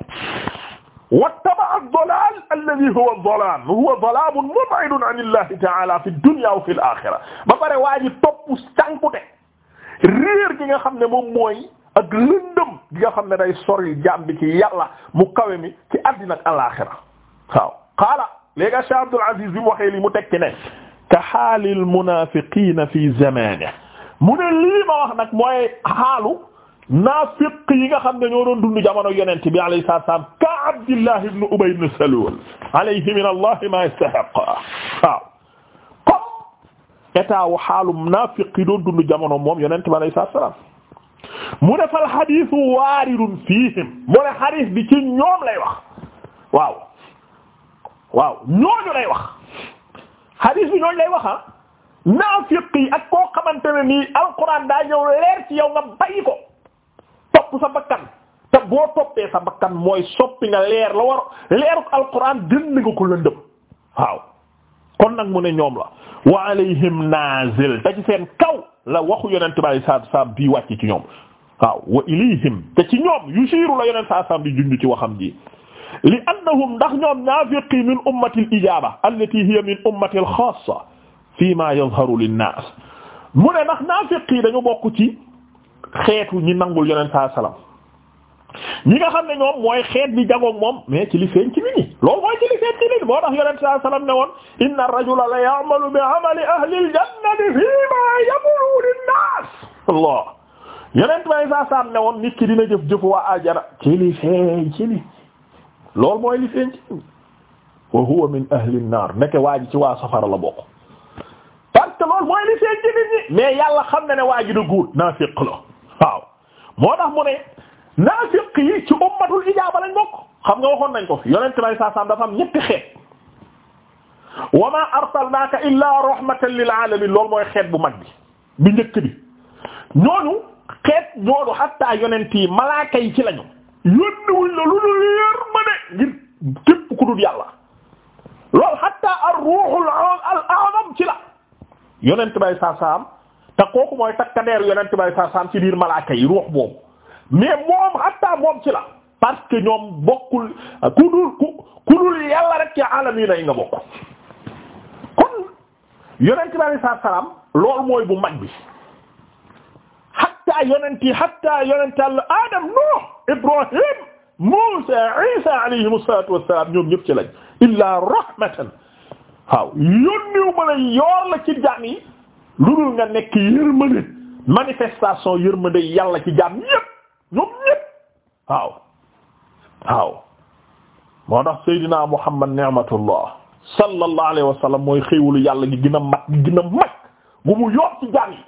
wattaba'a ad-dalal alladhi huwa ad-dalam huwa dalamun mub'idun 'anillahi ta'ala fi ad al-akhirah ba pare waa ji topp cànkute réer gi nga xam ne moom mooy ak lëndëm gi nga xam ne day sori jaam bi ci yàlla mu kawe mi ci àddina al-akhirah waaw qaala léegi Cheikh Abdul bi mu waxee li mu tekki ne ka xaalil munaafiqiina fi zamaanihi mu ne lii ma wax nag mooy xaalu naafiq yi nga xam ne ñoo doon dund jamono yonent bi alayhi salaatu wa salaam ka Abdullah ibn Ubay ibn Salul alayhi min Allah ma yastahiq waaw comme état wu xaalu jamono moom yonent bi alayhi salaatu mu defal xadiisu waaridun fiihim mu ne xadiis bi ci ñoom lay wax waaw ñooñu lay wax hadis bi ñooñu lay wax ah naafiq ak koo xamante ne nii alquran daa ñëw leer ci yow nga bàyyi ko topp sa bakkan te boo toppee sa bakkan mooy soppi nga leer la war leeruk alquran dënd nga ko lëndëm waaw kon nag mu ne ñoom la wa alayhim nazil te ci seen kaw la waxu yonent bi saa saa bii wàcc ci ñoom waaw wa ilayhim te ci ñoom yushiru la yonent saa saa bi junj ci waxam ji li annahum naafiqi min ummati al ijaaba allati hiya min ummati al xaassa fii ma yadharu linnaas mu ne ndax naafiqi dañu bokk ci xeetu ñi nangul yonent saa salaam ñi nga xam ne ñoom mooy xeet bi jagoog moom mais ci li feeñ ci nit ñi loolu mooy ci li feeñ ci nit moo tax yonent saa salaam ne woon inna ar saa salaam ne woon nit ki dina jëf jëf waa ajara ci li feeñ ci nit lool mooy li feeñ ci wa ji ci waa safara la bokk parce que mooy li feeñ ci nit ñi mais yàlla xam na ne waa ji du guut naafiq la waaw moo tax mu ne naafiq yi ci ummatul ijaaba lañ bokk xam nga waxoon nañ ko fi yonent bay saasaam dafa am ñetti xeet wa ma arsalnaaka illaa rahmatan lil alamin loolu mooy xeet bu mag bi bi njëkk bi ñooñu xeet ñooñu hatta yonent yi malaaka yi ci lañu yónni wuñ la lu dul leer ma ne ngir képp ku dul lool hatta ar ruuxul al a'zam ci la yonent bay saasaam te kooku mooy takkadeer yonent bay ci biir malaaka yi ruux boobu mais moom hatta moom ci la ñoom bokkul ku dul ku dul yàlla alam yi nay nga bokk kon yonent bay saasaam lool mooy bu mag bi hatta yonent yi al adam nuux Ibrahim Muusa Isa alayhimu salaatu wassalaam ñoom ñëpp ci lañ illaa rahmatan waaw yónniw ma la yoor la ci jaam yi lu dul nga nekk yërmande manifestation yërmande yàlla ci jaam ñëpp ñoom ñëpp waaw waaw moo tax Seydina Muhammad ni'matullah sallallahu alayhi wa sallam mooy xéewalu yàlla gi gën mag gi gën mag gu mu yor ci jaam yi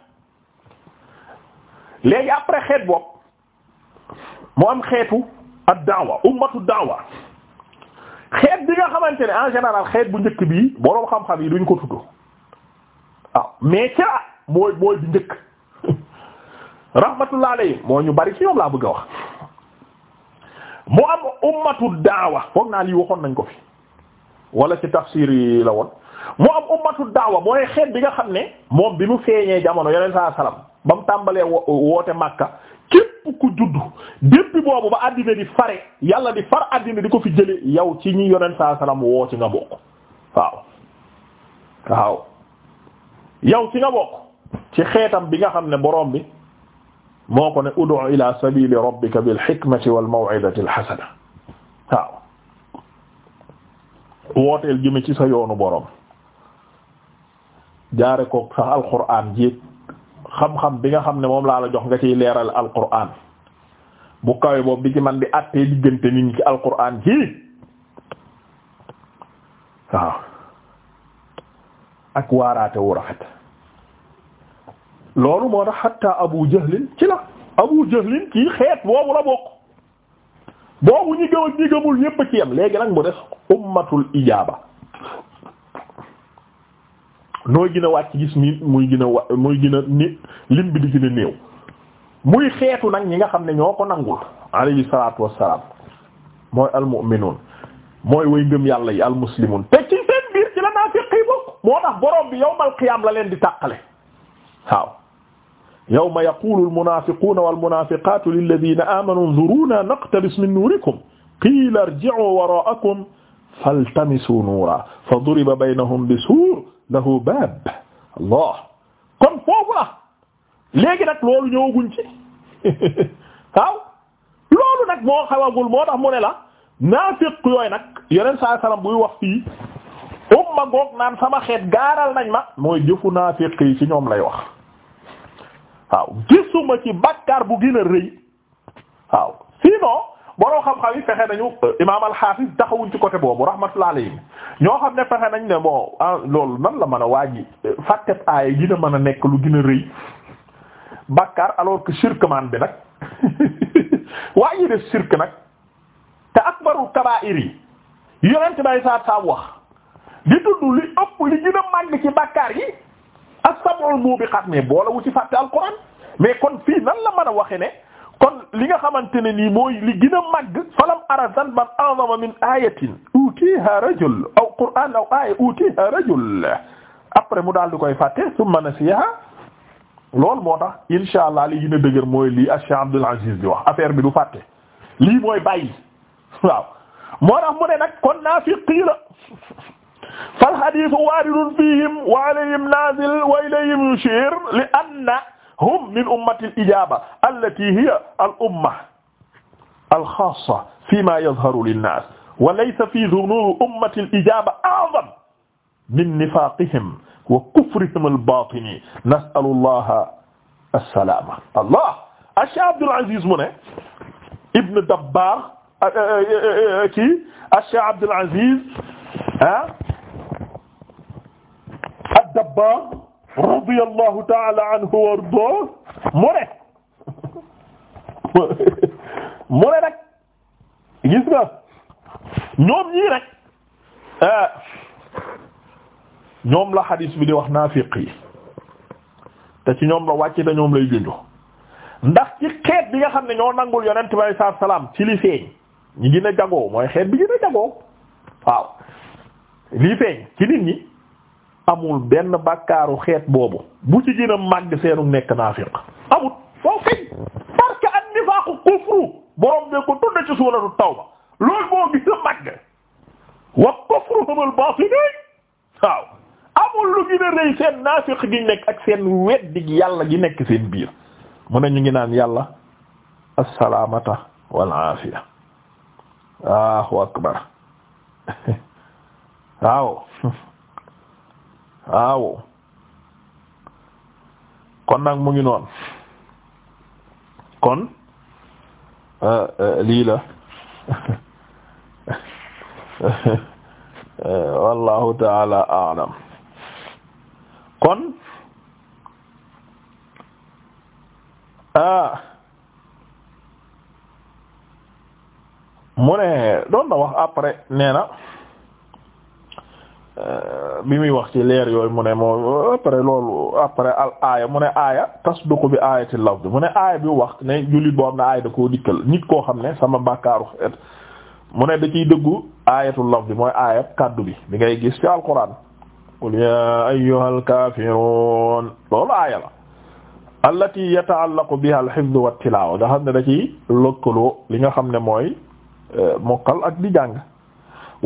léegi après xeet bopp mu am xeetu ad daawa ummatu daawa xeet bi nga xamante ne en général xeet bu njëkk bii boroom xam-xam yi duñ ko tudd waaw ah, mais ca mooy mooy bu njëkk rahmatullah alayhi moo ñu bari ci ñoom laa bëgg a wax mu am ummatu daawa foog naa lii waxoon nañ ko fi wala ci tafsir yi la woon mu am ummatu daawa mooy xeet bi nga xam ne moom bi mu feeñee jamono yeneen saa salaam ba mu tàmbalee woote Makka képp ku juddu depuis boobu ba àddina di fare yàlla di far àddina di ko fi jële yow ci ñi yonent saa salaam woo ci nga bokk waaw ci nga bokk ci xeetam bi nga xam ne borom bi moo ko ne ud'u ila sabili rabbika bil hikmati wal maw'izati al hasana waaw wooteel ci sa yoonu borom jaare ko sax jiit xam-xam bi nga xam ne moom laa la jox nga ciy leeral alquran bu kawe boobu bi ci man di àttee diggante nit ñi ci alquran jii waaw ak waaraate wu rafet loolu moo tax hatta abu jahlin ci la abu jahlin kii xeet boobu la bokk boobu ñi gëm ak ñi gëmul yépp ci yam léegi nag mu des ummatul ijaaba nooy gën a wàcc gis mi muy gën a wa muy gën a ni lim bi di gën a néew muy xeetu nag ñi nga xam ne ñoo ko nangul alayhi salaatu wassalaam mooy almu'minuun mooy way ngëm yàlla yi almuslimuun te ci seen biir ci la naafiq yi bokk moo tax borom bi yawmal qiyaam la leen di tàqale waaw yawma yaqulu almunaafiquuna walmunaafiqaatu lilladiina aamanuu unzuruunaa naqtabis min nuurikum qiila irji'uu waraa'akum faltamisuu nuuran faduriba baynahum bisuur lahu baab allah kon foofu la léegi nag loolu ñëwaguñ ci waaw loolu nag moo xawagul moo tax mu ne la naafiq yooyu nag yeneen saa salaam buy wax fii umma goog naan sama xeet gaaral nañ ma mooy jëfu naafiq yi ci ñoom lay wax waaw gisuma ci bàkkaar bu gën rëy waaw sinon boroo xam-xam yi fexe nañu euh, imaam al taxawuñ ci côté boobu rahmatullahi alayhi ñoo xam ne fexe nañ ne moo ah loolu nan la mën a waaj euh, fàtte aaya gën a mën a nekk lu gën a rëy bàkkaar alors que man bi nag waa ji def shirk nag te akbaru kabaa'ir yi yonent bay saa saa wax di tudd li ëpp li gën a màgg ci bàkkaar yi as-sab'ul mubiqaat mais boole wu ci fàtte alquran mais kon fii nan la mën a waxe ne. kon li nga xamante ne nii mooy li gën a màgg falam ara zanban a'zama min ayatin utiha rajul après mu daal di koy fàtte summa nasiha loolu moo tax insha allah li gën a mooy lii ak Abdul Aziz bi wax affaire bi du fàtte lii mooy bàyyi waaw mu ne nag kon naafiqi la fal hadith waaridun fihim wa alayhim nazil wa ilayhim yushir li anna hum min ummati al-ijaaba allati hiya al-umma al-xaassa fiimaa yazharu lin-naas wa laysa fii zunuuri ummati al-ijaaba a'zam min nifaaqihim wa kufrihim al-baatini nas'alu llaaha as-salaama. Allah Cheikh Abdul Aziz mu ne Ibn Dabbaagh kii Cheikh Abdul Aziz ah ad-Dabbaagh radiyallahu ta'ala anhu wa ardaahu mu ne mu ne rek gis nga ñoom ñii rek eh, ñoom la xadiis bi di wax naafiq yi te ci ñoom la wàcc te ñoom lay junju ndax ci xeet bi nga xam ne ñoo nangul yonent bi alayhi salaam ci li feeñ ñi gën jagoo mooy xeet bi gën jagoo waaw lii feeñ ci nit ñi amul benn bàkkaaru xeet boobu bu ci gën a màgg seenu nekk naafiq amul foo kay parce que an kufru borom be ko tudd ci suuratu tawba loolu moo gën a màgg wa kufruhum al-baatini waaw amul lu gën a rëy seen naafiq gi nekk ak seen weddi yàlla gi nekk seen biir mun na ñu ngi naan yàlla assalaamata wal aafiya waaw waaw waaw kon nag mu ngi noon kon euh, euh, lii la euh, wallahu taala alam kon ah mu ne doon na wax après nee na bi muy wax ci leer yooyu mu ne moo après loolu après al aaya mu ne aaya tasduqu bi aayati bi mu ne aaya bi wax ne jullit boo xam ne aaya da koo dikkal nit koo xam ne sama bàkkaaru xeet mu ne da ciy dëggu aayatu bi mooy aaya kaddu bi bi ngay gis ci alquran qul ya ayyuhal kafirun loolu aaya la allati yataallaqu biha al hifz wa tilaawa nga xam ne da ciy lëkkaloo li nga xam ne mooy euh, mokkal ak di jàng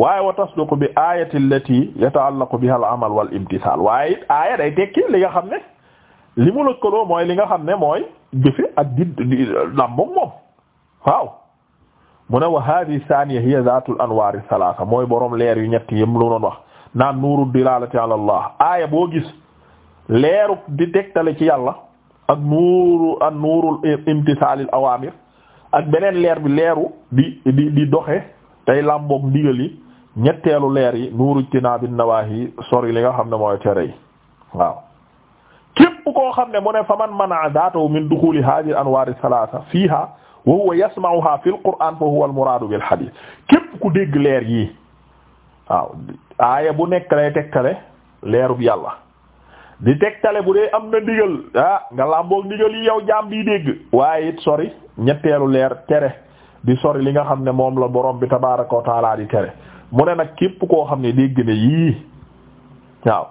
waaye wa tasduqu bi ayati allati yataallaqu biha al amal wal imtisal waaye it aaya day tekki li nga xam ne li mu lëkkaloo mooy li nga xam ne mooy jëfe ak di làmboog moom waaw mu ne wa hadhihi hiya dhatu al al thalatha mooy borom leer yu ñett yim lu doon wax naan nuuru dilalati ala allah aaya boo gis leeru di tegtale ci yàlla ak nuuru ak nuurul imtisaalil awamir ak beneen leer bi leeru di doxe tey làmboog ndigal ñetteelu leer yi nuuru tinaabi nawaahi sori li nga xam ne mooy tere yi waaw képp koo xam ne mu ne fa man mana daatahu min duxuli hadhihi anwaari salaasa fiiha wa huwa yasma'uha fil qur'aan fa huwa al muraadu bil hadiis képp ku dégg leer yi waaw aaya bu nekk lay tegtale leerub yàlla di tegtale bu dee am na ndigal ah nga làmboog ndigal yi yow jaam bi dégg waaye it sori ñetteelu leer tere di sori li nga xam ne moom la borom bi tabaaraka wa ta'aala mu ne nag képp koo xam ne dégg ne yii waaw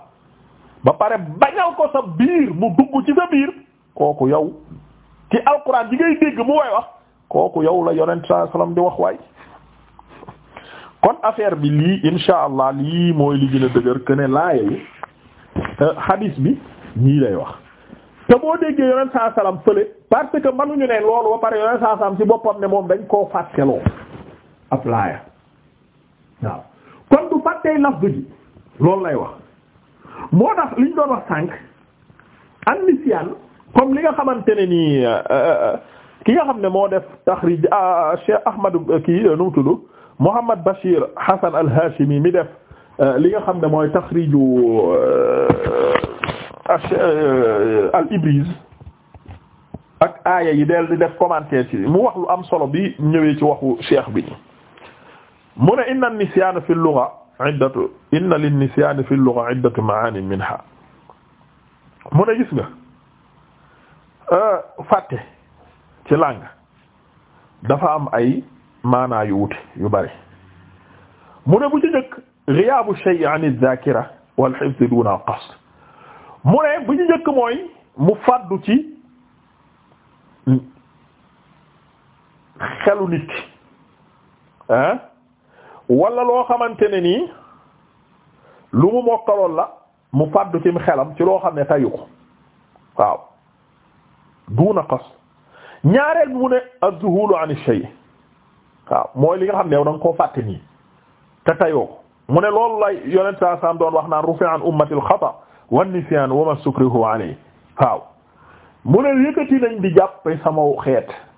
ba pare bañal ko sa biir mu dugg ci sa biir kooku yow ci alquran bi ngay dégg mu way wax kooku yow la yonent sallallahu alayhi wasallam di wax waay kon affaire bi lii insha allah lii mooy li gën a dëgër que ne laaya yi hadis bi ñii lay wax te moo déggee yonent sallallahu alayhi wasallam fële parce que mënuñu ne loolu ba pare yonent sallallahu alayhi wasallam ci boppam ne moom dañ koo fàtteloo ab laaya waaw kon du fàttee lafdu ji loolu lay wax moo tax liñ doon wax sànq an nisyaan comme li nga xamante ne nii euh, euh, euh, ki nga xam ne moo def taxrij ah, ah, Cheikh Ahmad kii nu mu tudd Muhammad Bashir Hasan al-Hashimi mi def li nga xam ne mooy taxriju al-Ibriz ak aaya yi del di def commentaire ci mu wax lu am solo bi ñëwee ci waxu cheikh bi mu ne inna nisyaana fi lugha iddatu inna lin nisyaani fi lugha iddatu maani minha mu ne gis nga euh, fàtte ci làng dafa am ay maanaa yu wute yu bari mu ne bu ci njëkk ghiyaabu shay'i an adh-dhaakira wal hifdhi duuna qasd mu ne bu ci njëkk mooy mu fàddu ci xelu nit ki ah walla loo xamante ne nii lu mu mokkaloon la mu fàddu ci xelam ci loo xam ne tayu ko waaw duuna qas ñaareel mu ne az-zuhulu an ash-shay waaw mooy li nga xam ne yow da koo fàtte nii te mu ne loolu lay yonent saa doon wax naan rufi'a an ummati al-khata wa an-nisyan wa ma sukrihu alayhi waaw mu ne yëkkati nañ di jàppe sama xeet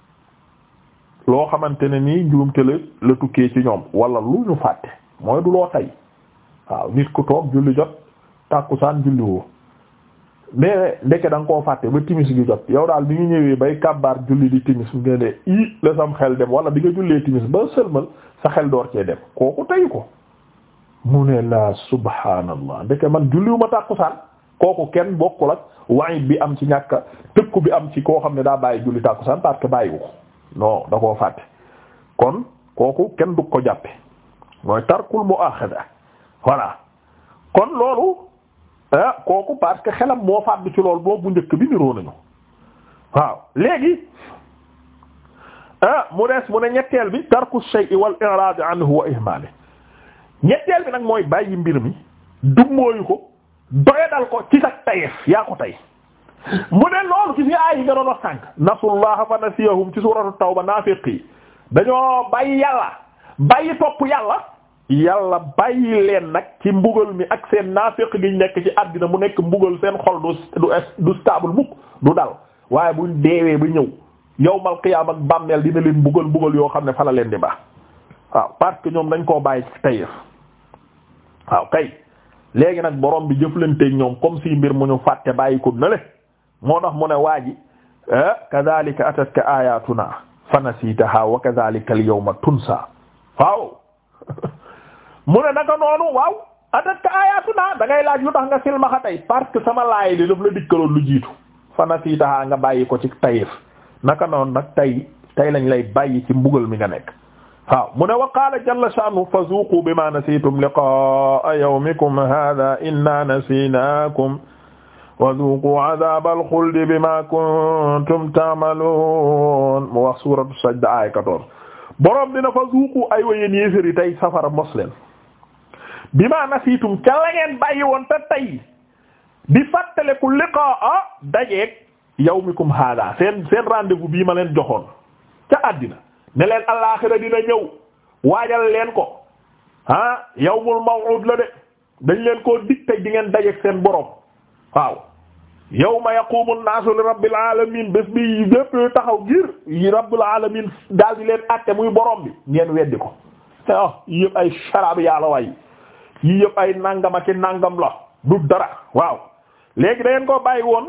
loo xamante ne nii njuumte la la tukkee ci ñoom wala lu ñu fàtte mooy du loo tay waaw nit ku toog julli jot tàkkusaan julli woo mais ndeke da nga koo fàtte ba timis gi jot yow daal bi nga ñëwee bay kàbbaar julli di timis nga ne i la sam xel dem wala bi nga jullee timis ba sëlmal sa xel door cee dem kooku tay ko mu ne la subhaanallah ndeke man julliwuma tàkkusaan kooku kenn bokkul ak waayit bi am ci ñàkk tëkku bi am ci koo xam ne daa bàyyi julli tàkkusaan parce que bàyyiwu non da koo fàtte kon kooku kenn dug ko jàppe mooy tarkul muaxada voilà kon loolu ah kooku parce que xelam moo fàddu ci lool boobu njëkk bi niroo nañu waaw léegi ah mu des mu ne ñetteel bi tarkul shay'i wal i'rad anhu wa ihmaale ñetteel bi nag mooy bàyyi mbir mi dummóoyu ko doyadal ko ci sa tayeef yaa ko tay mu ne loolu gis nga aay yi nga doon wax sànq nasullaha fa nasiyahum ci suuratu tawba naafiq yi dañoo bàyyi yàlla bàyyi topp yàlla yàlla bàyyi leen nag ci mbugal mi ak seen naafiq gi nekk ci àddina mu nekk mbugal seen xol du du stable mukk du dal waaye buñ deewee ba ñëw yawmal qiyaam ak bàmmeel dina leen mbugal mbugal yoo xam ne fa la leen di baax waaw parce ñoom dañ koo bàyyi ci tayef waaw kay léegi nag borom bi jëflanteeg ñoom comme si mbir mu ñu fàtte na moo tax mu ne waa ji eh, kadhalika atatka ayatuna wa kadhalika al waaw mu naka noonu waaw atatka ayatuna da ngay laaj lu tax nga silmaxa tey parce que sama laay li daf la dikkaloon lu jiitu fanasitaha nga bàyyi ko ci tayef naka noon nag tey tey lañ lay bàyyi ci mbugal mi nga nekk waaw mu ne wa qaala jalla sha'nu fa zuqu bima nasitum liqa'a yawmikum hadha inna nasinakum wa dhuqu adhabal khuldi wax suratu sajda ay 14 borom dina fa zuqu ay wa yéen tey safara mos leen bima nasiitum ca la ngeen bàyyi woon te tey di fàttaleku liqaa'a dajeeg yawmikum seen seen rendez-vous ma leen joxoon ca àddina ne alaaxira dina ñëw waajal leen ko ah yawmul maw'ud la de dañ leen koo dig tey di ngeen dajeeg seen borom waaw yawma yaqumu an-naasu li rabbil alamin bés bi lépp taxaw ngir yi rabbil alamin daal di leen àtte muy borom bi ngeen weddi ko ah yii yëpp ay sharab yàlla waay yii yëpp ay nangam ak nangam la du dara waaw léegi da ngeen ko bàyyi woon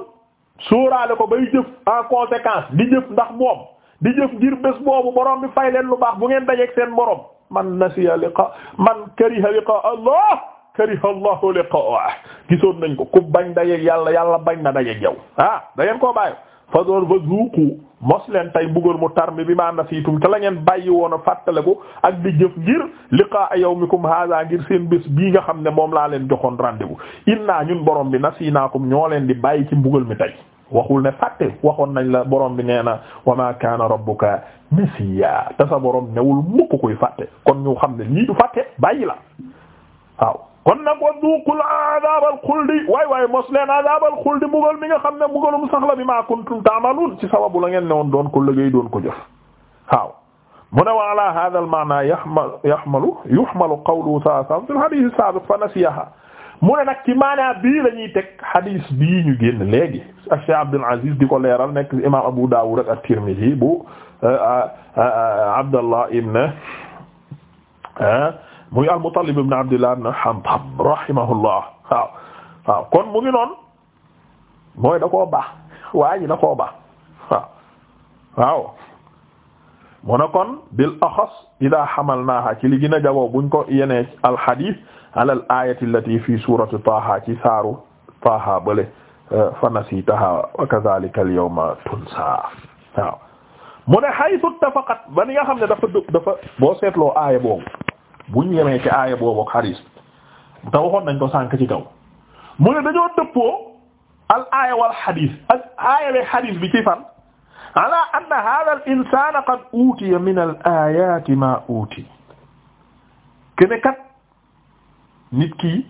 suuraale ko bay jëf en conséquence di jëf ndax moom di jëf ngir bés boobu borom bi fay leen lu baax bu ngeen dajeek seen borom man nasiya liqa man kariha liqa Allah kariha Allahu liqa'ah gisoon nañ ko ku bañ dajeeg yàlla yàlla bañ na dajeeg yow ah da ngeen koo bàyyi fa fa zuuku mos leen tey buggal mu tar mi bi maa nasiitum te la ngeen bàyyi woon a fàttaliku ak di jëf ngir liqaa yawmikum haaza ngir seen bés bii nga xam ne moom laa leen joxoon rendez bu inna ñun borom bi nasiinaakum ñoo leen di bàyyi ci mbugal mi tey waxul ne fàtte waxoon nañ la borom bi nee na wa maa kaana rabbuka nasiya te sa borom newul mukk koy kon ñu xam ne lii du fàtte bàyyi kon nag wa duuqul adabal xuldi waay waay mos leen adabal xuldi mbugal mi nga xam ne mbugalum sax la bi ma kuntum taamaluun ci sababu la ngeen ne woon doon ko liggéey doon ko jëf waaw mu ne wa ala hada al maana yama yaxmalu yuxmalu qawlu saa sam fi l hadith sabiq fa nasiyaha mu ne nag ci maanaa bii la ñuy teg hadith bii ñu génn léegi Cheikh Aziz di ko leeral nekk imam Abu Dawud at-Tirmidhi bu eh, eh, eh, Abdallah ibn muy al-Muttalib ibn Abdillah ibn Hantab rahimahullah waaw waaw kon mu ngi noonu mooy da koo baax waa ji koo baax waaw waaw mu ne kon bil ida xamalnaaha ci li gën a jagoo buñ ko yenee alxadis ala al ayati allati fi surati Taha ci saaru Taha bale eh, fa nasitaha wa kadhalika al yawma tunsa waaw mu ne haythu nga xam ne dafa dafa boo aaya boobu buñ yemee ci aaya boobu ak xadiis te waxoon nañ ko sànk ci kaw mu ne dañoo dëppoo al aaya wal xadiis ak aaya bee xadiis bi ci fan ala anna hadha al insana qad utiya min al ayati ma nit ki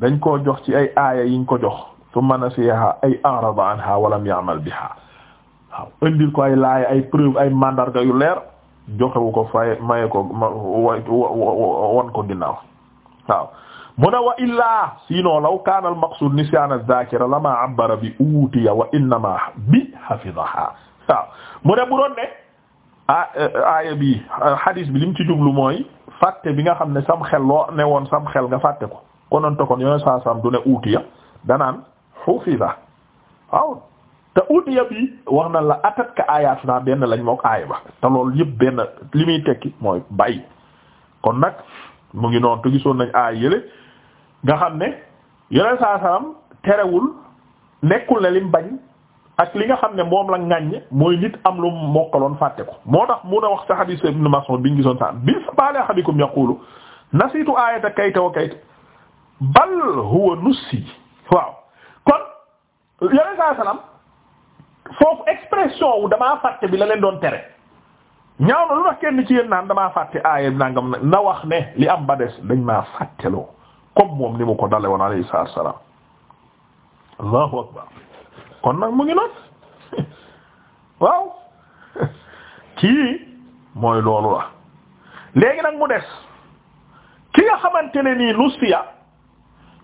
dañ koo jox ci ay aaya yiñ ko jox thumma nasiha ay arada anha wa lam ya'mal biha waaw indil ko ay laaya ay preuve ay mandarga yu leer joxewu ko fay maye ko wan ko ginnaaw waaw mu ne wa illaa sinon law kaana al maqsuud nisyaan az-zaakira lama abbara bi uutiya wa innama bi hafidaha waaw mu ne bu ne e, aaya bi hadis bi lim ci jublu mooy fàtte bi nga xam ne sam xel loo ne woon sam xel nga fàtte ko konoon te kon yoneen du ne uutiya danaan hufiza waaw te utiya bi wax na la atat ka aayaatu naa benn lañ mook aay ba te loolu yëpp benn li muy tekki mooy bay kon nag mu ngi noonu te gisoon nañ aaya yële nga xam ne yeneen saa salaam terewul nekkul ne lim bañ ak li nga xam ne moom la ŋaññe mooy nit am lu mokkaloon fàtte ko moo tax mu ne wax sa hadith nu Mas'ud bi ñu gisoon sa bi baale ahadikum yaqulu nasitu aayata kayta wa kayta bal huwa nussi waaw kon yeneen saa salaam. foofu expression wu damaa fàtte bi la leen doon tere ñaaw na lu tax kenn ci yéen naan damaa fàtte aaya nangam na wax ne li am ba des dañ maa fàtteloo comme moom ni mu ko dale woon alayhi salaam allahu akbar kon nag mu ngi noon waaw kii mooy loolu la léegi nag mu des ki nga xamante ne nii nusiya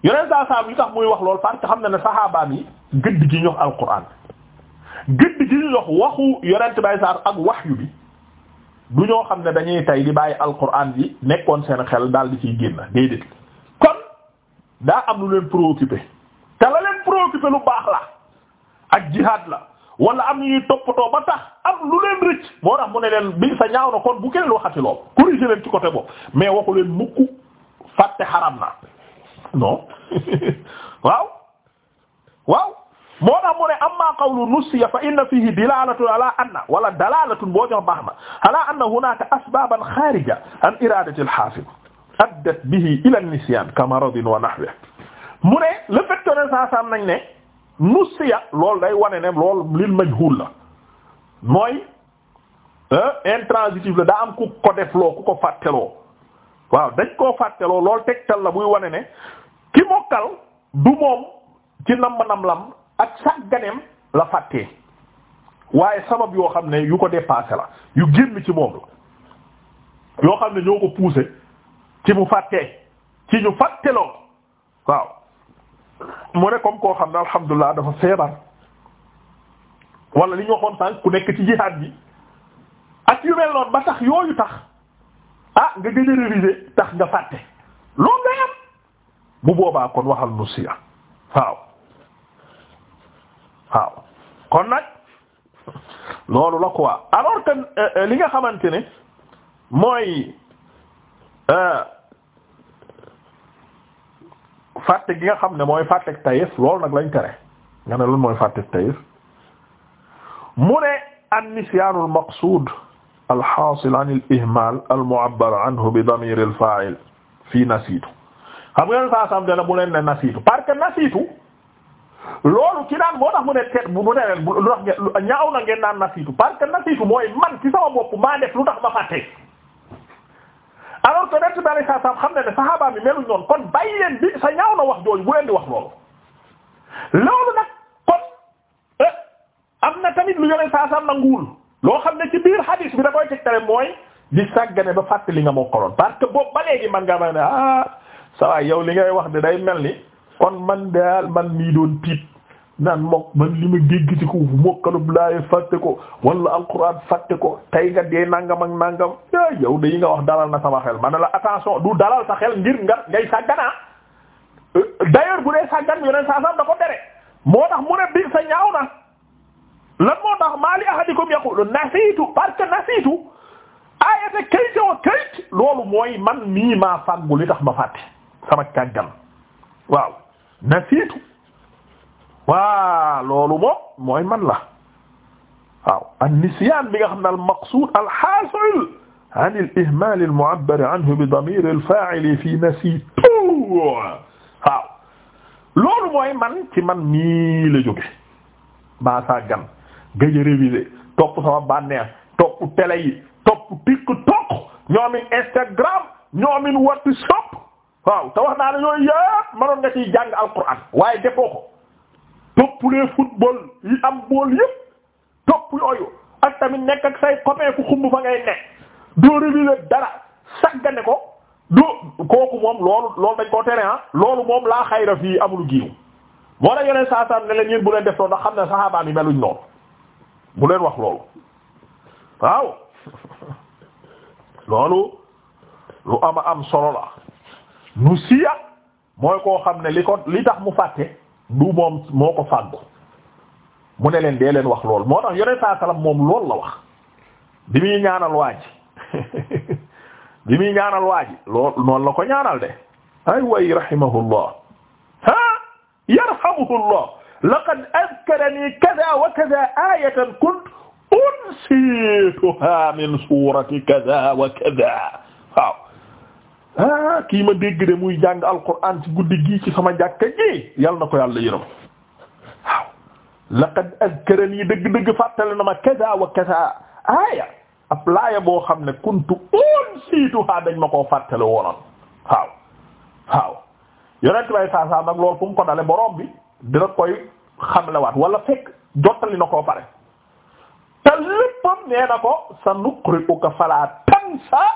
yeneen saa saa yi tax muy wax lool parce que xam na ne saxaabaam yi gëdd gi ñox alquran gëdd gi ñu jox waxu yorent bay saar ak wahyu bi du ñoo xam ne dañuy tay di bàyyi alquran yi nekkoon seen xel daal di ciy génn déedéet kon daa am lu leen préoccupé te la leen préoccupé lu baax la ak jihad la wala am ñuy toppatoo ba tax am lu leen rëcc moo tax mu ne leen bi sa ñaaw na kon bu keneen waxati lool corrigé leen ci côté boobu mais waxu leen mukk fàtte xaram na non waaw waaw moo tax mu ne amma qawlu nusiya fa inna fihi dilalatu anna wala dalalatun boo jox baax na ala anna hunaka asbaban xaarija an iradati al-hafiz addat bihi ila an-nisyan ka maradin wa nahwihi mu ne le fait ne saa nañ ne nusiya loolu day wane ne lool lil majhul la mooy intransitif la daa am ku ko defloo ku ko fàtteloo waaw dañ koo fàtteloo lool tegtal la buy wane ne ki mokkal du moom ci nam nam ak sàgganeem la fàttee waaye sabab yoo xam ne yu ko dépassé la yu génn ci moom la yoo xam ne ñoo ko poussé ci mu fàtte ci ñu fàtteloo waaw mu ne comme koo xam ne alhamdulilah dafa feebar wala li ñu waxoon sànq ku nekk ci jihaad bi ak yu mel noonu ba tax yooyu tax ah nga gën a tax nga fàtte loolu ngay am bu boobaa kon waxal nu waaw waaw kon nag loolu la quoi alors que euh, euh, li nga xamante ne mooy euh, fàtte gi nga xam ne mooy fàttek tayef lool nag lañ tere nga ne loolu mooy fàttek tayef mu ne an nisyaanu al maqsuud al haasil an al ihmaal al mu'abbar anhu bi damiir al faa'il fii nasiitu xam nga saa sam dana bu leen ne nasiitu parce que nasiitu loolu ki daan moo tax mu ne teet bu mu ne leen lu tax ñaaw na ngeen naan nasiitu parce que nasiitu mooy man ci sama bopp maa def lu tax ma fàtte alors que nett bi xam ne ne bi meluñ noonu kon bàyyi bi sa ñaaw na wax jooju bu leen di wax eh, na tamit lu yoneen saa sam nanguwul loo xam ne ci biir hadis bi da koy tegtale mooy di sàggane ba fàtte li nga mokkaloon parce que boobu léegi man nga ma ne ah, yow li ngay wax de day mel ni kon man daal man mii doon tiit naan mook man li ma dégg ci ko mokkalub laaye fàtte ko wala alquran fàtte ko tey nga dee nangam ak nangam ah yow de yi nga wax dalal na sama xel ma ne la attention du dalal sa xel ngir nga ngay sàgganaa eh, d'ailleurs bu dee sàggan yoneen saa sam da ko tere moo tax mu ne biir sa ñaaw na lan moo tax maa li ahadikum yaqulu nasiitu parce que nasiitu ayata kayta wa kayt loolu mooy man mii maa fàggu li tax ma fàtte sama càggan waaw nasiitu loolu moom mooy man la waaw an nisyaan bi nga xam ne al maqsuud al haasil an al ihmaal al mu'abbar anhu bi damiir al faa'il fi nasiitu loolu mooy man ci man mii la jóge maa saa gan gëj a révisé topp sama bànneex topp télé yi topp TikTok ñoomin Instagram ñoomin WhatsApp waaw te wax naa la yooyu yëpp mënoon nga ciy jàng alquran waaye defoo ko toppulee football yi am bool yëpp topp yooyu ak tamit nekk ak say copain fu xumb fa ngay nekk doo réviser dara saggane ko doo kooku moom loolu loolu dañ koo tere ah loolu moom laa xayra fii amul giiw moo tax yeneen saa saa ne leen bu leen def loolu ndax xam ne saxaabaa mi meluñ noonu bu leen wax loolu waaw loolu lu ama am solo la nu siya mooy koo xam ne li ko li tax mu fàtte du moom moo ko fàggu mu ne leen dee wax lool moo tax yonent saa salaam moom lool la wax bi muy ñaanal waaj bi muy ñaanal waaj lool la ko ñaanal de ay way rahimahullah ha yarhamuhullah laqad azkarani kaza wa kaza ayatan kuntu unsituha min surati kaza wa kaza ah kii ma dégg de muy jàng alquran ci guddi gii ci sama jàkka ji yal na ko yàlla yërëm waaw laqad azkarani dëgg-dëgg fàttale na ma kaza wa kaza aaya ab laaya boo xam ne kuntu unsiituhaa dañ ma koo fàttale woonoon waaw waaw yonent bay saasaa nag loolu fu mu ko dale borom bi dina koy xamlewaat wala fekk jottali na koo pare te léppam nee na ko sa nuqri'uka fala tansa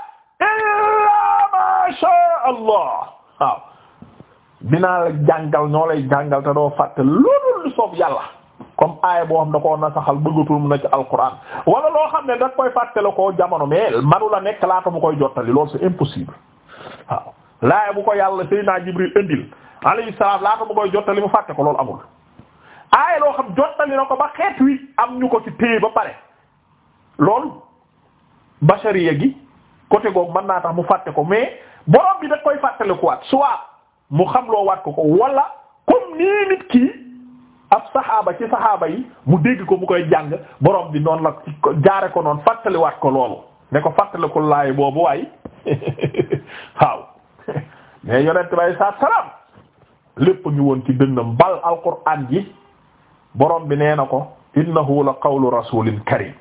shaa allah waaw dinaa la jàngal ñoo lay jàngal te doo fàtte loolu lu soob yàlla comme aaya boo xam da koo mu na ci alquran loo xam ne da koy fàtte la ko jamono mais manu la nekk laata mu koy jottali loolu c'est impossible waaw laaya bu ko yàlla Seydina Jibril indil alayhi salaam laata mu koy jottali mu fàtte ko loolu amul aaya loo xam jottali na ko ba xeet wi am ñu ko ci téye ba pare loolu bashariya gi côté googu man naa tax mu fàtte ko mais borom bi da koy fàttalikuwaat soit mu xamloo waat ko ko wala comme nii nit kii ab saxaaba ci saxaaba yi mu dégg ko mu koy jàng borom bi noon la jaare ko noon fàttaliwaat ko loolu ne ko fàttaliku laay boobu waay waaw mais yonent bay saa salaam lépp ngi woon ci dënnam bal alquran ji borom bi nee na ko innahu la qawlu rasulin karim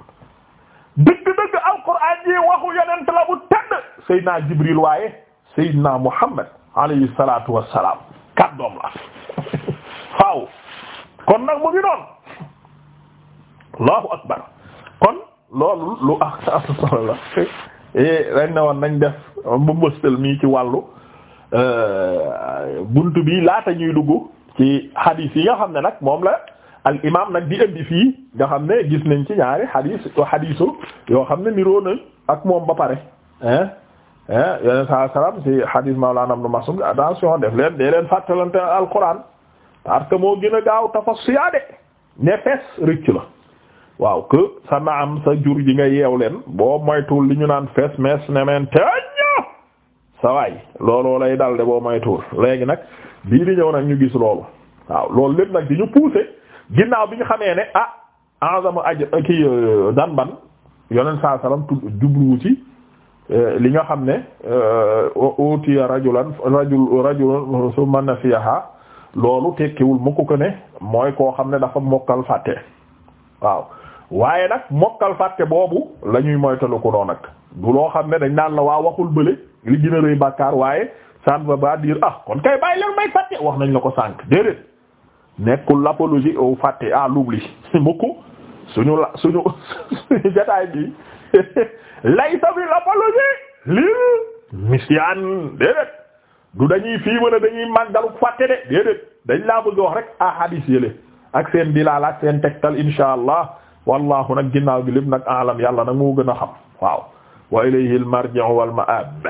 dëgg-dëgg alquran ji waxu yonent la bu tedd Seydina Jibril waaye Seydina Muhammad alayhi salaatu wassalaam kàddoom la waaw kon nag mu ngi noonu Allahu akbar kon loolu lu ak solo la dañ ne woon nañ def mbëmbëstal mii ci wàllu euh, bunt bi laata ñuy dugg ci hadith yi nga xam ne nag moom la al imaam nag di indi fii nga xam ne gis nañ ci ñaari hadith yoo xam ne niroo ak moom ba pare yeneen saa salaam ci hadith Mawlana Ibn Mas'ud attention def leen dee leen fàttalante alquran parce que moo gën a gaaw tafasiyaa de ne fees rëcc la waaw que sa naam sa jur ji nga yeew leen boo moytuwul li ñu naan fees mees ne meen teeñ sa waay looloo lay dal de boo moytuwul léegi nag bii di ñëw nag ñu gis loolu waaw loolu lépp nag di ñu pousser ginnaaw bi ñu xamee ne ah enzama aj ki euh, dan ban yoneen saa salaam tudd Euh, li nga xam ne euh, utiya rajulan rajul rajul summa nafiyaha loolu tekkiwul mukk ko ne mooy koo xam ne dafa mokkal fàtte waaw waaye nag mokkal fàtte boobu la ñuy moytalu ko noonu nag du loo xam ne dañ naan la waa waxul bële li gën a rëy bàkkaar waaye ça ne veut pas dire ah kon kay bàyyi leen may fàtte wax nañ la ko sànq déedéet nekkul l'apologie au fàtte à l'oubli mukk suñu la suñu jataay bi laysa bi l'apologie lil misyan déedéet du dañuy fii wala dañuy màggalu fàtte de déedéet dañ laa bëgg wax rek a hadis yële ak seen dilaal ak seen tegtal insha allah wallahu nag ginnaaw bi lépp nag alam yàlla nag moo gën a xam waaw wa ilayhi al marji'u wal ma'ab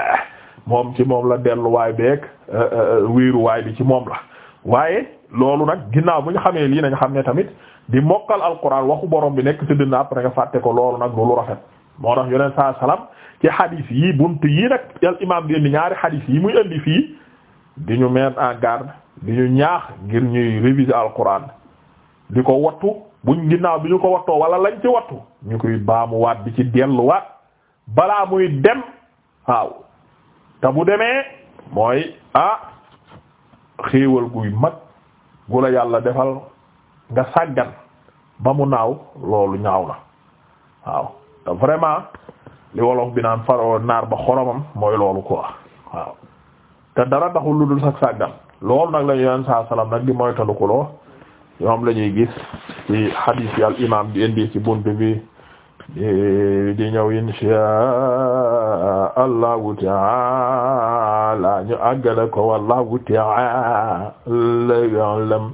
moom ci moom la delluwaay beeg euh, euh, euh, wiiruwaay bi ci moom la waaye loolu nag ginnaaw bu ñu xamee lii nañ xam ne tamit di mokkal alquran waxu borom bi nekk ci dënn après nga fàtte ko loolu nag loolu rafet moo tax yoneen saa salaam ci xadis yi bunt yii nag al imaam di indi ñaari xadis yi muy indi fii di ñu mettre en garde di ñu ñaax ngir ñuy réviser alquran di ko wattu buñ ginnaaw bi ñu ko wattoo wala lañ ci wattu ñu koy baamuwaat bi ci delluwaat balaa muy dem waaw te bu demee mooy ah xéewal guy mag gu la yàlla defal nga sàggan ba mu naaw loolu ñaaw na waaw vraiment li wolof bi naan faroo naar ba xoromam mooy loolu quoi waaw te dara taxul lu dul sax sàggan loolu nag la ñu yoneen saa salaam nag di moytalu ko loo ñoom la ñuy gis ci al imam di indi ci bunt bi di ñëw insha allahu taala ñu àggale ko wallahu taala a'lam